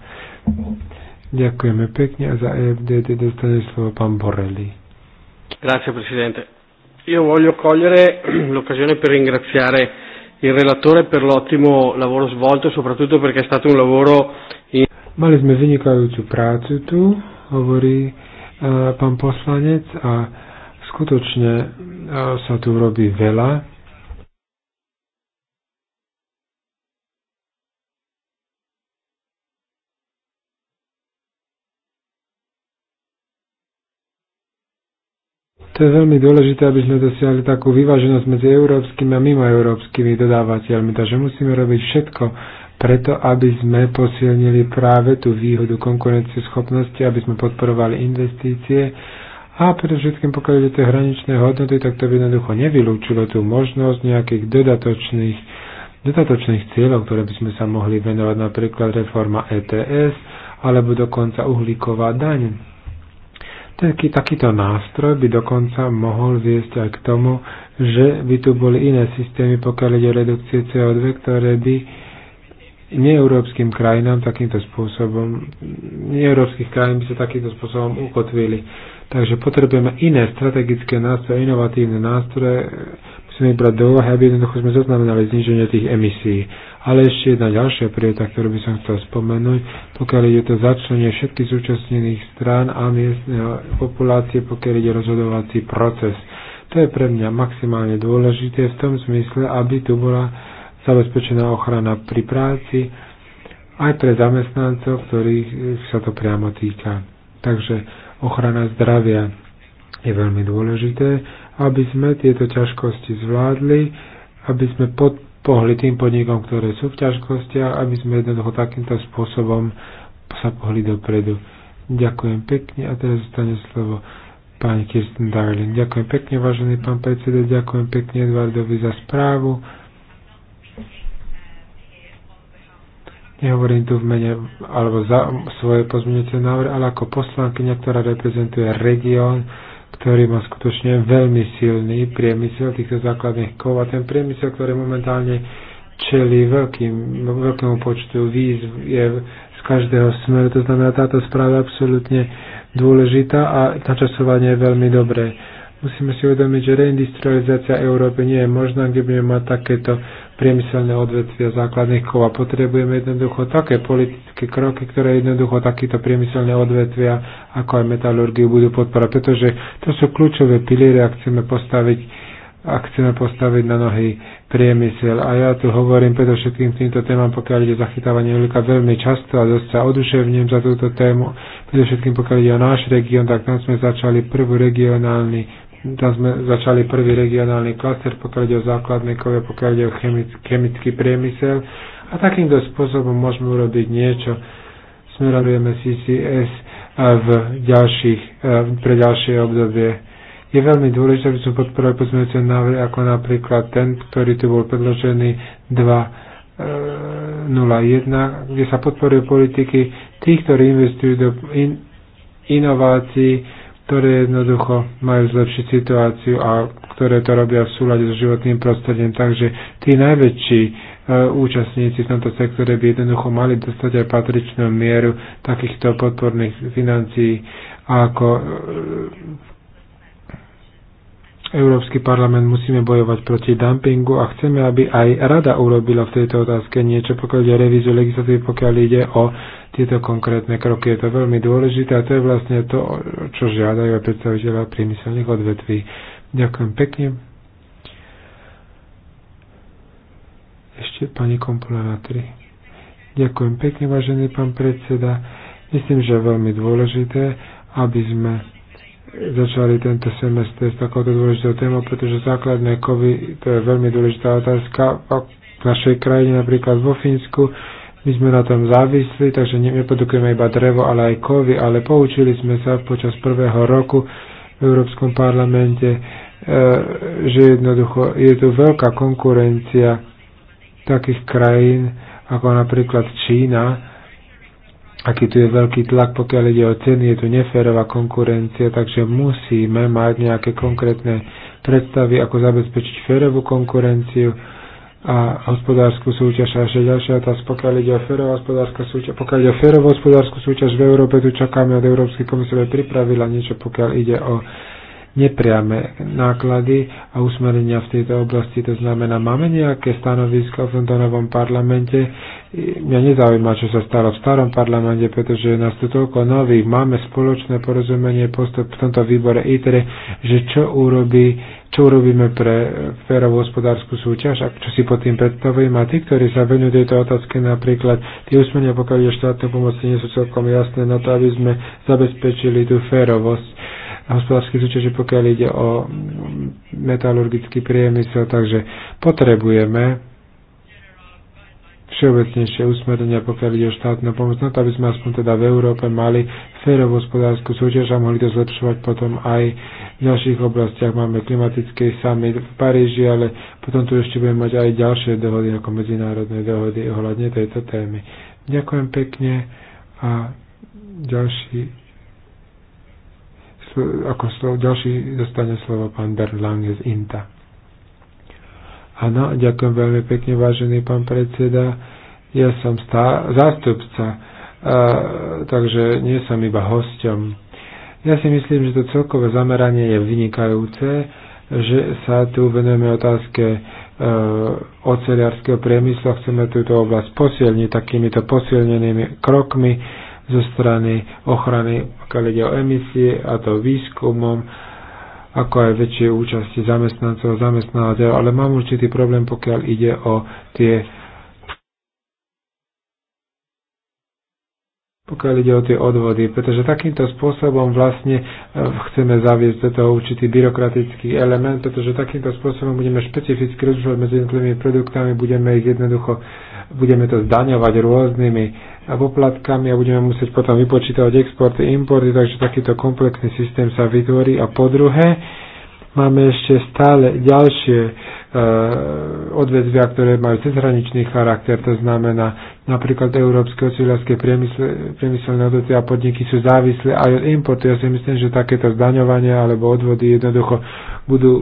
S3: Ďakujeme pekne a za EFDD teda dostane slovo pán
S1: Borelli. Grazie Presidente. Io voglio cogliere l'occasione per ringraziare il relatore per l'ottimo lavoro svolto, soprattutto perché è stato un lavoro... In...
S3: Mali sme vynikajúcu prácu tu, hovorí e, pán poslanec, a skutočne e, sa tu robí veľa To je veľmi dôležité, aby sme dosiahli takú vyváženosť medzi európskymi a mimoeurópskymi dodávateľmi. Takže musíme robiť všetko preto, aby sme posilnili práve tú výhodu konkurencieschopnosti, aby sme podporovali investície a predovšetkým pokiaľ ide tie hraničné hodnoty, tak to by jednoducho nevylúčilo tú možnosť nejakých dodatočných, dodatočných cieľov, ktoré by sme sa mohli venovať, napríklad reforma ETS alebo dokonca uhlíková daň. Taký, takýto nástroj by dokonca mohol viesť aj k tomu, že by tu boli iné systémy, pokiaľ ide o redukcie CO2, ktoré by neeurópskym krajinám takýmto spôsobom, neeurópskych krajín by sa takýmto spôsobom ukotvili. Takže potrebujeme iné strategické nástroje, inovatívne nástroje, chceme brať do úvahy, aby jednoducho sme zaznamenali zniženie tých emisí. Ale ešte jedna ďalšia prieta, ktorú by som chcel spomenúť, pokiaľ ide to začlenie všetkých zúčastnených strán a miestnej populácie, pokiaľ ide rozhodovací proces. To je pre mňa maximálne dôležité v tom zmysle, aby tu bola zabezpečená ochrana pri práci aj pre zamestnancov, ktorých sa to priamo týka. Takže ochrana zdravia je veľmi dôležité aby sme tieto ťažkosti zvládli, aby sme pohli tým podnikom, ktoré sú v ťažkostiach, aby sme jednoducho takýmto spôsobom sa pohli dopredu. Ďakujem pekne a teraz zostane slovo pani Kirsten Darling. Ďakujem pekne, vážený pán predseda, ďakujem pekne Edvardovi za správu. Nehovorím tu v mene alebo za svoje pozmeňujúce návrhy, ale ako poslankyňa, ktorá reprezentuje región, ktorý má skutočne veľmi silný priemysel týchto základných kov a ten priemysel, ktorý momentálne čeli veľkým, veľkému počtu výzv je z každého smeru. To znamená, táto správa je absolútne dôležitá a načasovanie je veľmi dobré. Musíme si uvedomiť, že reindustrializácia Európy nie je možná, kde budeme mať takéto priemyselné odvetvia základných kov a potrebujeme jednoducho také politické kroky, ktoré jednoducho takýto priemyselné odvetvia ako aj metalurgiu budú podporať, pretože to sú kľúčové piliere, ak chceme postaviť a chceme postaviť na nohy priemysel. A ja tu hovorím predovšetkým týmto témam, pokiaľ ide zachytávanie uhlíka veľmi často a dosť sa oduševním za túto tému. Predovšetkým pokiaľ ide o náš región, tak tam sme začali prvú regionálny tam sme začali prvý regionálny klaster, pokiaľ ide o základné kovy, pokiaľ ide o chemický, chemický priemysel. A takýmto spôsobom môžeme urobiť niečo. Smerujeme CCS v ďalších, pre ďalšie obdobie. Je veľmi dôležité, aby sme podporovali pozmeňujúce návrhy, ako napríklad ten, ktorý tu bol predložený 2.01, e, kde sa podporujú politiky tých, ktorí investujú do in, inovácií, ktoré jednoducho majú zlepšiť situáciu a ktoré to robia v súlade so životným prostredím. Takže tí najväčší e, účastníci v tomto sektore by jednoducho mali dostať aj patričnú mieru takýchto podporných financií ako e, Európsky parlament musíme bojovať proti dumpingu a chceme, aby aj rada urobila v tejto otázke niečo, pokiaľ ide revíziu legislatívy, pokiaľ ide o tieto konkrétne kroky. Je to veľmi dôležité a to je vlastne to, čo žiadajú aj predstaviteľa priemyselných odvetví. Ďakujem pekne. Ešte pani Kompola 3. Ďakujem pekne, vážený pán predseda. Myslím, že je veľmi dôležité, aby sme začali tento semestr s takouto dôležitou témou, pretože základné kovy, to je veľmi dôležitá otázka v našej krajine, napríklad vo Fínsku, my sme na tom závisli, takže neprodukujeme iba drevo, ale aj kovy, ale poučili sme sa počas prvého roku v Európskom parlamente, e, že jednoducho je tu veľká konkurencia takých krajín, ako napríklad Čína, aký tu je veľký tlak, pokiaľ ide o ceny, je tu neférová konkurencia, takže musíme mať nejaké konkrétne predstavy, ako zabezpečiť férovú konkurenciu a hospodárskú súťaž a ešte ďalšia otázka, pokiaľ ide o férovú hospodárskú súťaž, pokiaľ ide o férovú hospodárskú súťaž v Európe, tu čakáme od Európskej komisie, aby pripravila niečo, pokiaľ ide o nepriame náklady a usmerenia v tejto oblasti. To znamená, máme nejaké stanovisko v tomto novom parlamente. Mňa nezaujíma, čo sa stalo v starom parlamente, pretože nás tu toľko nových. Máme spoločné porozumenie postup v tomto výbore ITRE, že čo urobí čo urobíme pre férovú hospodárskú súťaž a čo si pod tým predstavujem. A tí, ktorí sa venujú tejto otázke, napríklad tie usmenia, pokiaľ je štátne pomoci, nie sú celkom jasné na to, aby sme zabezpečili tú férovosť hospodárskej súťaže, pokiaľ ide o metalurgický priemysel. Takže potrebujeme všeobecnejšie usmerenia, pokiaľ ide o štátnu pomoc, no to aby sme aspoň teda v Európe mali férovú hospodárskú súťaž a mohli to zlepšovať potom aj v ďalších oblastiach. Máme klimatický summit v Paríži, ale potom tu ešte budeme mať aj ďalšie dohody, ako medzinárodné dohody ohľadne tejto témy. Ďakujem pekne a ďalší ako slovo, ďalší dostane slovo pán Bernd Lange z INTA. Áno, ďakujem veľmi pekne, vážený pán predseda. Ja som stá- zástupca, a, takže nie som iba hosťom. Ja si myslím, že to celkové zameranie je vynikajúce, že sa tu venujeme otázke e, oceliarského priemyslu. Chceme túto oblasť posilniť takýmito posilnenými krokmi zo strany ochrany, pokiaľ ide o emisie, a to výskumom, ako aj väčšie účasti zamestnancov a zamestnávateľov, ale mám určitý problém, pokiaľ ide o tie pokiaľ ide o tie odvody, pretože takýmto spôsobom vlastne e, chceme zaviesť do toho určitý byrokratický element, pretože takýmto spôsobom budeme špecificky rozlišovať medzi jednotlivými produktami, budeme ich jednoducho, budeme to zdaňovať rôznymi a poplatkami a budeme musieť potom vypočítať exporty, importy, takže takýto komplexný systém sa vytvorí. A po druhé, máme ešte stále ďalšie e, odvetvia, ktoré majú cezhraničný charakter, to znamená napríklad európske oceľarské priemyselné odvetvia a podniky sú závislé aj od importu. Ja si myslím, že takéto zdaňovanie alebo odvody jednoducho budú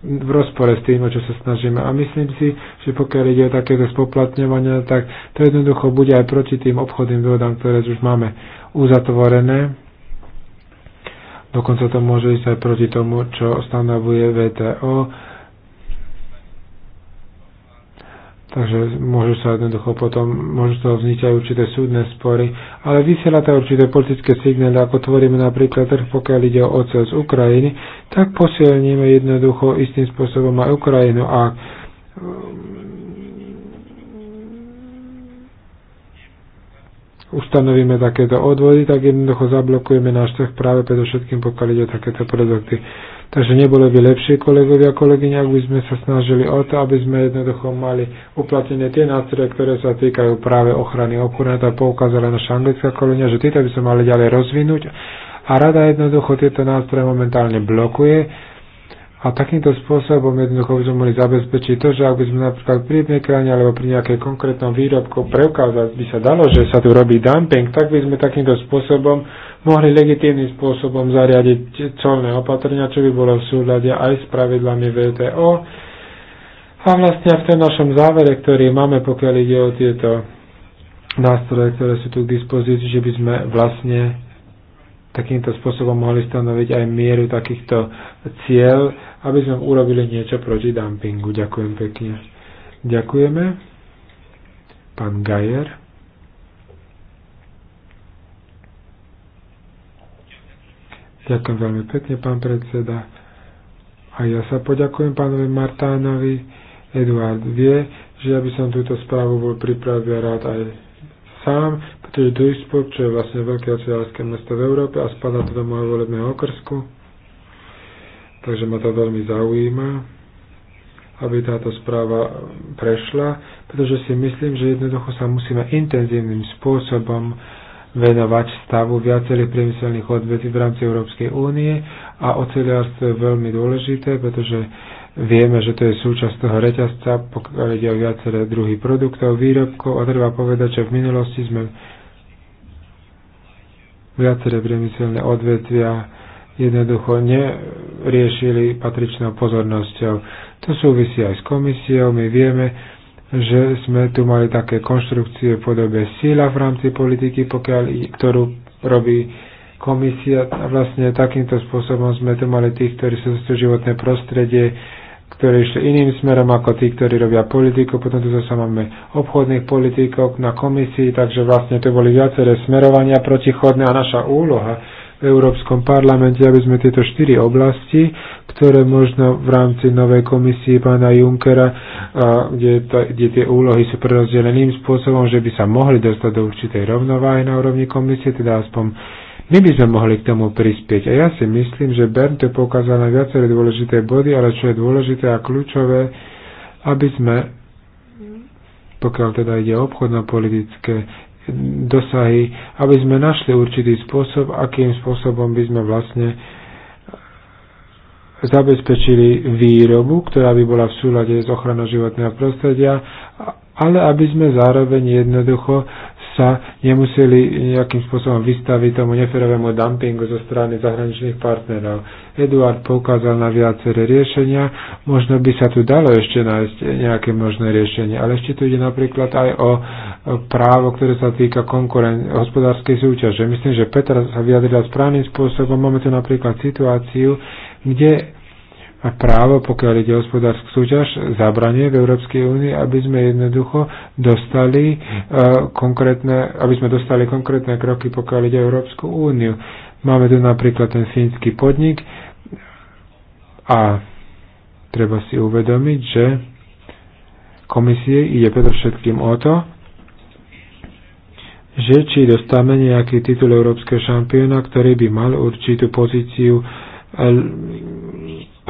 S3: v rozpore s tým, o čo sa snažíme. A myslím si, že pokiaľ ide o takéto spoplatňovania, tak to jednoducho bude aj proti tým obchodným dohodám, ktoré už máme uzatvorené. Dokonca to môže ísť aj proti tomu, čo stanovuje VTO Takže môžu sa jednoducho potom, môžu sa aj určité súdne spory, ale vysiela to určité politické signály, ako tvoríme napríklad trh, pokiaľ ide o ocel z Ukrajiny, tak posilníme jednoducho istým spôsobom aj Ukrajinu a um, ustanovíme takéto odvody, tak jednoducho zablokujeme náš trh práve predovšetkým, pokiaľ ide o takéto produkty. Takže nebolo by lepšie, kolegovia a kolegyne, ak by sme sa snažili o to, aby sme jednoducho mali uplatnené tie nástroje, ktoré sa týkajú práve ochrany obchodu. A poukázala naša anglická kolónia, že tieto by sme mali ďalej rozvinúť. A rada jednoducho tieto nástroje momentálne blokuje. A takýmto spôsobom jednoducho by sme mohli zabezpečiť to, že ak by sme napríklad pri jednej alebo pri nejakej konkrétnom výrobku preukázať by sa dalo, že sa tu robí dumping, tak by sme takýmto spôsobom mohli legitímnym spôsobom zariadiť colné opatrenia, čo by bolo v súľade aj s pravidlami VTO. A vlastne v tom našom závere, ktorý máme, pokiaľ ide o tieto nástroje, ktoré sú tu k dispozícii, že by sme vlastne takýmto spôsobom mohli stanoviť aj mieru takýchto cieľ, aby sme urobili niečo proti dumpingu. Ďakujem pekne. Ďakujeme. Pán Gajer. Ďakujem veľmi pekne, pán predseda. A ja sa poďakujem pánovi Martánovi. Eduard vie, že ja by som túto správu bol pripravil rád aj sám, pretože Duisburg, čo je vlastne veľké oceánske mesto v Európe a spadá to do môjho volebného okrsku, takže ma to veľmi zaujíma, aby táto správa prešla, pretože si myslím, že jednoducho sa musíme intenzívnym spôsobom venovať stavu viacerých priemyselných odvetí v rámci Európskej únie a oceliarstvo je veľmi dôležité, pretože vieme, že to je súčasť toho reťazca, pokiaľ ide o viaceré druhy produktov, výrobkov a treba povedať, že v minulosti sme viaceré priemyselné odvetvia jednoducho neriešili patričnou pozornosťou. To súvisí aj s komisiou, my vieme, že sme tu mali také konštrukcie v podobe síla v rámci politiky, pokiaľ, ktorú robí komisia. A vlastne takýmto spôsobom sme tu mali tých, ktorí sú to životné prostredie, ktorí išli iným smerom ako tí, ktorí robia politiku. Potom tu zase máme obchodných politikov na komisii, takže vlastne tu boli viaceré smerovania protichodné a naša úloha v Európskom parlamente, aby sme tieto štyri oblasti, ktoré možno v rámci novej komisie pána Junkera, kde, to, kde tie úlohy sú prerozdeleným spôsobom, že by sa mohli dostať do určitej rovnováhy na úrovni komisie, teda aspoň my by sme mohli k tomu prispieť. A ja si myslím, že to poukázal na viaceré dôležité body, ale čo je dôležité a kľúčové, aby sme pokiaľ teda ide o obchodno-politické dosahy, aby sme našli určitý spôsob, akým spôsobom by sme vlastne zabezpečili výrobu, ktorá by bola v súlade s ochranou životného prostredia, ale aby sme zároveň jednoducho sa nemuseli nejakým spôsobom vystaviť tomu neferovému dumpingu zo strany zahraničných partnerov. Eduard poukázal na viaceré riešenia, možno by sa tu dalo ešte nájsť nejaké možné riešenie, ale ešte tu ide napríklad aj o právo, ktoré sa týka konkuren- hospodárskej súťaže. Myslím, že Petra sa vyjadrila správnym spôsobom. Máme tu napríklad situáciu, kde a právo, pokiaľ ide hospodárskú súťaž, zabranie v Európskej únii, aby sme jednoducho dostali, uh, konkrétne, aby sme dostali konkrétne kroky, pokiaľ ide Európsku úniu. Máme tu napríklad ten fínsky podnik a treba si uvedomiť, že komisie ide predovšetkým o to, že či dostáme nejaký titul Európskeho šampióna, ktorý by mal určitú pozíciu e,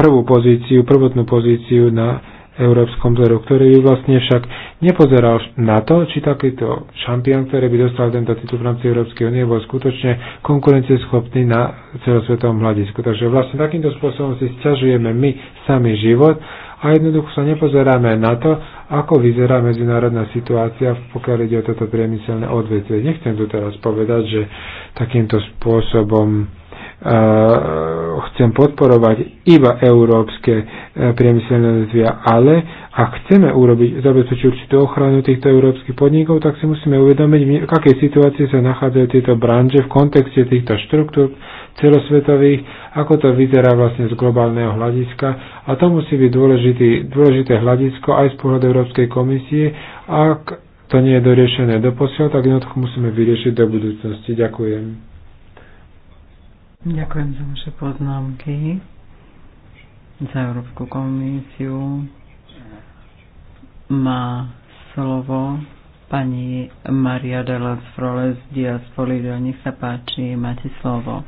S3: prvú pozíciu, prvotnú pozíciu na európskom dvoru, ktorý by vlastne však nepozeral na to, či takýto šampión, ktorý by dostal tento titul v rámci Európskej únie, bol skutočne konkurencieschopný na celosvetovom hľadisku. Takže vlastne takýmto spôsobom si sťažujeme my sami život a jednoducho sa nepozeráme na to, ako vyzerá medzinárodná situácia, pokiaľ ide o toto priemyselné odvetvie. Nechcem tu teraz povedať, že takýmto spôsobom chcem podporovať iba európske e, priemyselné odvetvia, ale ak chceme urobiť, zabezpečiť určitú ochranu týchto európskych podnikov, tak si musíme uvedomiť, v akej situácii sa nachádzajú tieto branže v kontexte týchto štruktúr celosvetových, ako to vyzerá vlastne z globálneho hľadiska. A to musí byť dôležitý, dôležité hľadisko aj z pohľadu Európskej komisie. Ak to nie je doriešené doposiaľ, tak jednoducho musíme vyriešiť do budúcnosti. Ďakujem.
S1: Ďakujem za vaše poznámky za Európsku komisiu. Má slovo pani Maria de las Froles Diaz Polido. Nech sa páči, máte slovo.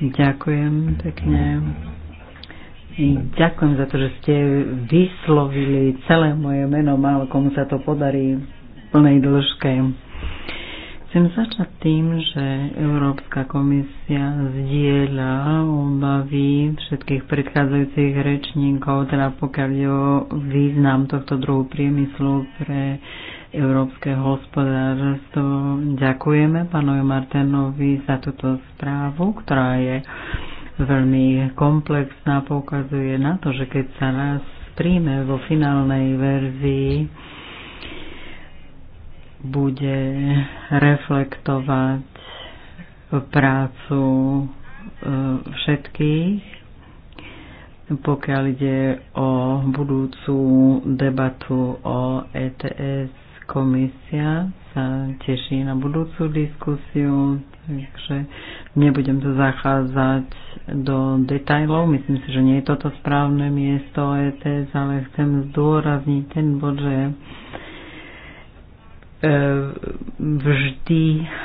S1: Ďakujem pekne. Ďakujem za to, že ste vyslovili celé moje meno. Málo komu sa to podarí v plnej dĺžke. Chcem začať tým, že Európska komisia zdieľa obavy všetkých predchádzajúcich rečníkov, teda pokiaľ je o význam tohto druhu priemyslu pre európske hospodárstvo. Ďakujeme pánovi Martenovi za túto správu, ktorá je veľmi komplexná, poukazuje na to, že keď sa nás príjme vo finálnej verzii, bude reflektovať prácu e, všetkých, pokiaľ ide o budúcu debatu o ETS. Komisia sa teší na budúcu diskusiu, takže nebudem to zachádzať do detajlov. Myslím si, že nie je toto správne miesto ETS, ale chcem zdôrazniť ten bod, že E, vždy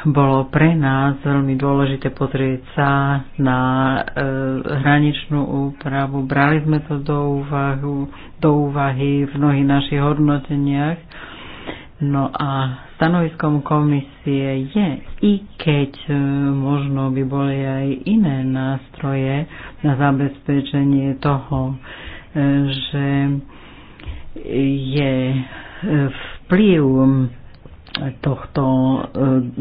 S1: bolo pre nás veľmi dôležité pozrieť sa na e, hraničnú úpravu. Brali sme to do, úvahu, do úvahy v mnohých našich hodnoteniach. No a stanoviskom komisie je, i keď e, možno by boli aj iné nástroje na zabezpečenie toho, že je vplyv tohto e,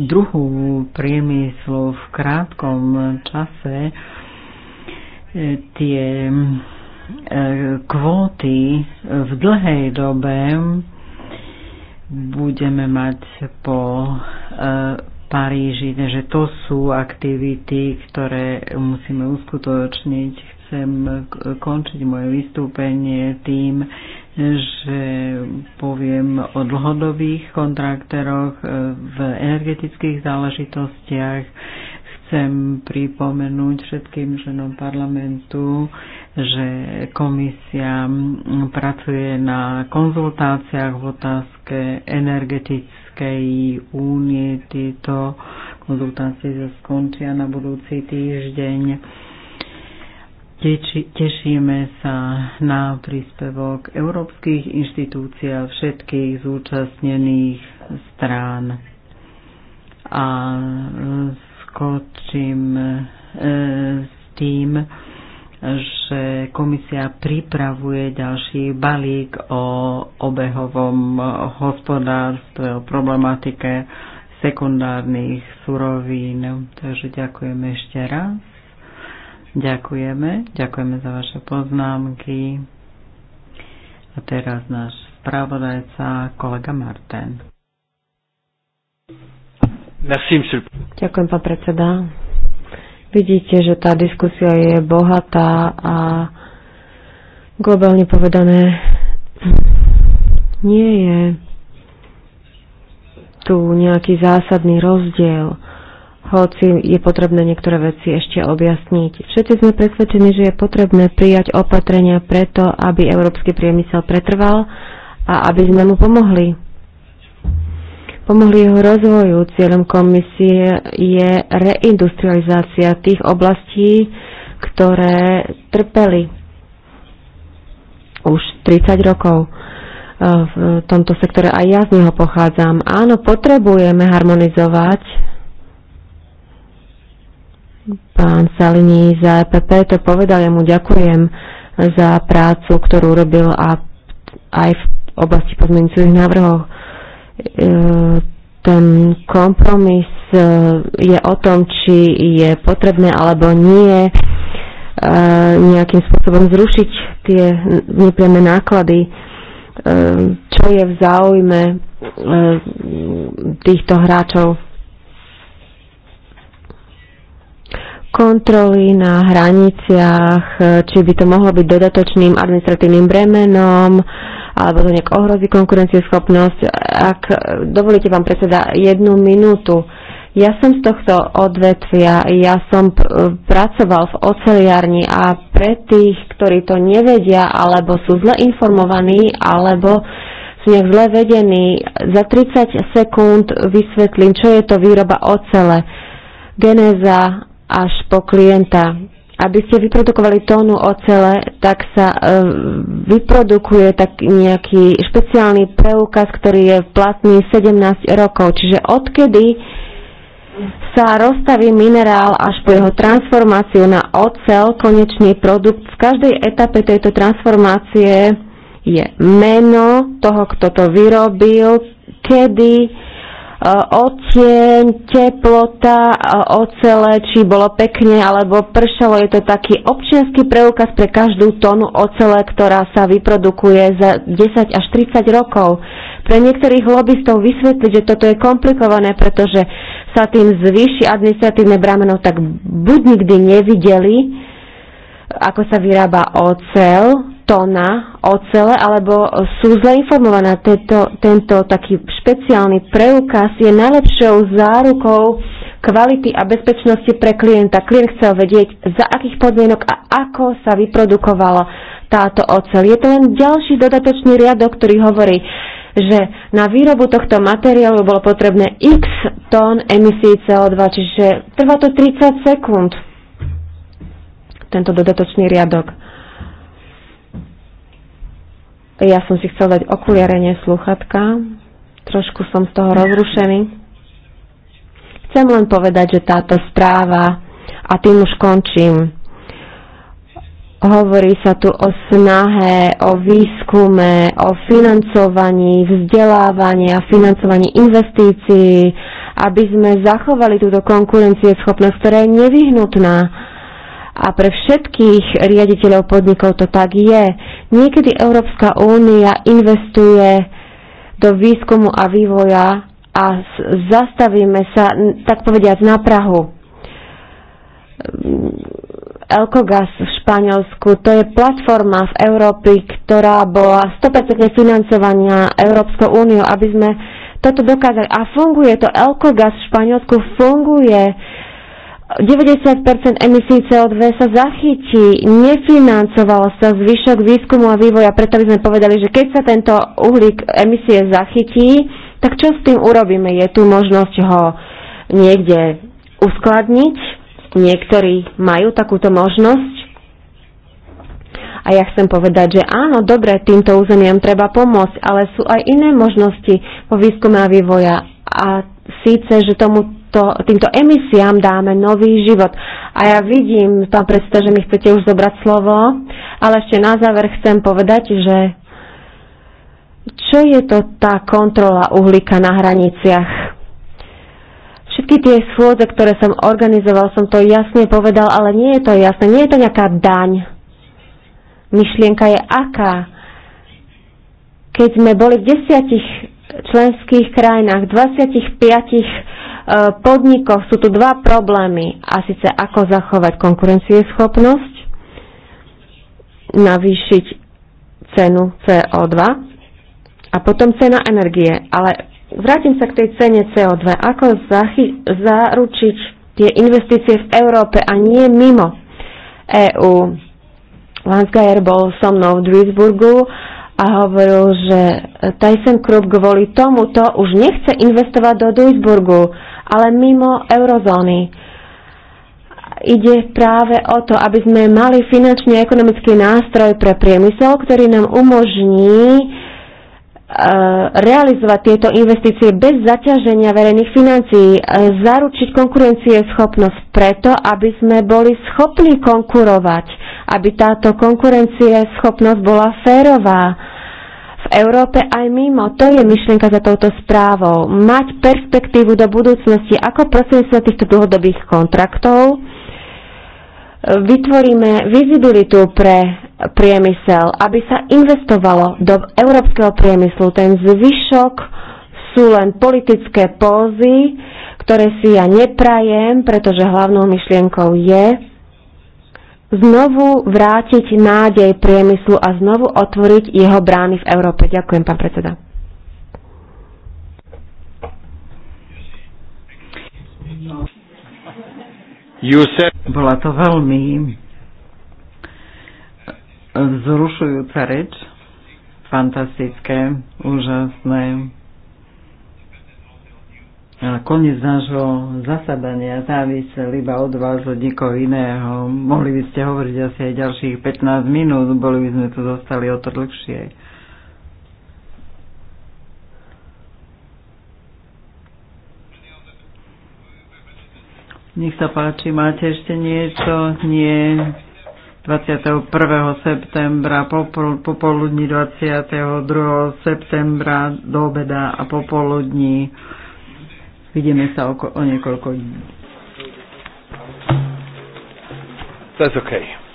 S1: druhu priemyslu v krátkom čase e, tie e, kvóty v dlhej dobe budeme mať po Paríži, že to sú aktivity, ktoré musíme uskutočniť. Chcem končiť moje vystúpenie tým, že poviem o dlhodobých kontraktoroch e, v energetických záležitostiach. Chcem pripomenúť všetkým ženom parlamentu, že komisia pracuje na konzultáciách v otázke energetickej únie. Tieto konzultácie sa skončia na budúci týždeň Teči, tešíme sa na príspevok európskych inštitúcií a všetkých zúčastnených strán. A skočím e, s tým, že komisia pripravuje ďalší balík o obehovom hospodárstve, o problematike sekundárnych surovín. Takže ďakujem ešte raz Ďakujeme. Ďakujeme za vaše poznámky. A teraz náš spravodajca, kolega Martin. Ďakujem, pán predseda. Vidíte, že tá diskusia je
S2: bohatá a globálne povedané nie je tu nejaký zásadný rozdiel hoci je potrebné niektoré veci ešte objasniť. Všetci sme presvedčení, že je potrebné prijať opatrenia preto, aby európsky priemysel pretrval a aby sme mu pomohli. Pomohli jeho rozvoju. Cieľom komisie je reindustrializácia tých oblastí, ktoré trpeli už 30 rokov e, v tomto sektore. A ja z neho pochádzam. Áno, potrebujeme harmonizovať Pán Salini za EPP to povedal, ja mu ďakujem za prácu, ktorú robil a aj v oblasti pozmeňujúcich návrhov. E, ten kompromis e, je o tom, či je potrebné alebo nie e, nejakým spôsobom zrušiť tie nepriame náklady, čo je v záujme týchto hráčov. kontroly na hraniciach, e, či by to mohlo byť dodatočným administratívnym bremenom, alebo to nejak ohrozí konkurencieschopnosť. Ak e, dovolíte vám predseda jednu minútu, ja som z tohto odvetvia, ja som e, pracoval v oceliarni a pre tých, ktorí to nevedia, alebo sú zle informovaní, alebo sú nejak zle vedení, za 30 sekúnd vysvetlím, čo je to výroba ocele. Genéza až po klienta. Aby ste vyprodukovali tónu ocele, tak sa e, vyprodukuje tak nejaký špeciálny preukaz, ktorý je platný 17 rokov. Čiže odkedy sa rozstaví minerál až po jeho transformáciu na ocel, konečný produkt. V každej etape tejto transformácie je meno toho, kto to vyrobil, kedy E, Otieň, teplota, e, ocele, či bolo pekne alebo pršalo. Je to taký občianský preukaz pre každú tonu ocele, ktorá sa vyprodukuje za 10 až 30 rokov. Pre niektorých lobbystov vysvetliť, že toto je komplikované, pretože sa tým zvýši administratívne brameno, tak buď nikdy nevideli, ako sa vyrába ocel, tóna ocele, alebo sú zle informovaná. Tento, tento taký špeciálny preukaz je najlepšou zárukou kvality a bezpečnosti pre klienta. Klient chcel vedieť, za akých podmienok a ako sa vyprodukovala táto oceľ. Je to len ďalší dodatočný riadok, ktorý hovorí, že na výrobu tohto materiálu bolo potrebné x tón emisí CO2, čiže trvá to 30 sekúnd, tento dodatočný riadok. Ja som si chcel dať okuliarenie sluchatka. Trošku som z toho rozrušený. Chcem len povedať, že táto správa, a tým už končím, hovorí sa tu o snahe, o výskume, o financovaní, vzdelávaní a financovaní investícií, aby sme zachovali túto konkurencieschopnosť, ktorá je nevyhnutná. A pre všetkých riaditeľov podnikov to tak je. Niekedy Európska únia investuje do výskumu a vývoja a zastavíme sa, tak povediať, na Prahu. Elkogas v Španielsku, to je platforma v Európy, ktorá bola 100% financovaná Európskou úniou, aby sme toto dokázali. A funguje to, Elkogas v Španielsku funguje 90% emisí CO2 sa zachytí, nefinancovalo sa zvyšok výskumu a vývoja, preto by sme povedali, že keď sa tento uhlík emisie zachytí, tak čo s tým urobíme? Je tu možnosť ho niekde uskladniť, niektorí majú takúto možnosť. A ja chcem povedať, že áno, dobre, týmto územiam treba pomôcť, ale sú aj iné možnosti po výskume a vývoja. A síce, že to, týmto emisiám dáme nový život. A ja vidím, pán predseda, že mi chcete už zobrať slovo, ale ešte na záver chcem povedať, že čo je to tá kontrola uhlíka na hraniciach? Všetky tie schôdze, ktoré som organizoval, som to jasne povedal, ale nie je to jasné. Nie je to nejaká daň. Myšlienka je aká? Keď sme boli v desiatich členských krajinách, 25 eh, podnikoch sú tu dva problémy. A síce ako zachovať konkurencieschopnosť, navýšiť cenu CO2 a potom cena energie. Ale vrátim sa k tej cene CO2. Ako zaručiť tie investície v Európe a nie mimo EÚ? Lance bol so mnou v Duisburgu a hovoril, že e, Tyson Krupp kvôli tomuto už nechce investovať do Duisburgu, ale mimo eurozóny. Ide práve o to, aby sme mali finančný a ekonomický nástroj pre priemysel, ktorý nám umožní E, realizovať tieto investície bez zaťaženia verejných financií, e, zaručiť konkurencieschopnosť preto, aby sme boli schopní konkurovať, aby táto konkurencieschopnosť bola férová v Európe aj mimo. To je myšlienka za touto správou. Mať perspektívu do budúcnosti ako prostredníctvom týchto dlhodobých kontraktov e, vytvoríme vizibilitu pre priemysel, aby sa investovalo do európskeho priemyslu. Ten zvyšok sú len politické pózy, ktoré si ja neprajem, pretože hlavnou myšlienkou je znovu vrátiť nádej priemyslu a znovu otvoriť jeho brány v Európe. Ďakujem,
S1: pán predseda. Bola to veľmi vzrušujúca reč, fantastické, úžasné. A koniec nášho zasadania závisel iba od vás, od nikoho iného. Mohli by ste hovoriť asi aj ďalších 15 minút, boli by sme tu zostali o to dlhšie. Nech sa páči, máte ešte niečo? Nie. 21. septembra, popoludní 22. septembra do obeda a popoludní. Vidíme sa o niekoľko dní.
S3: That's okay.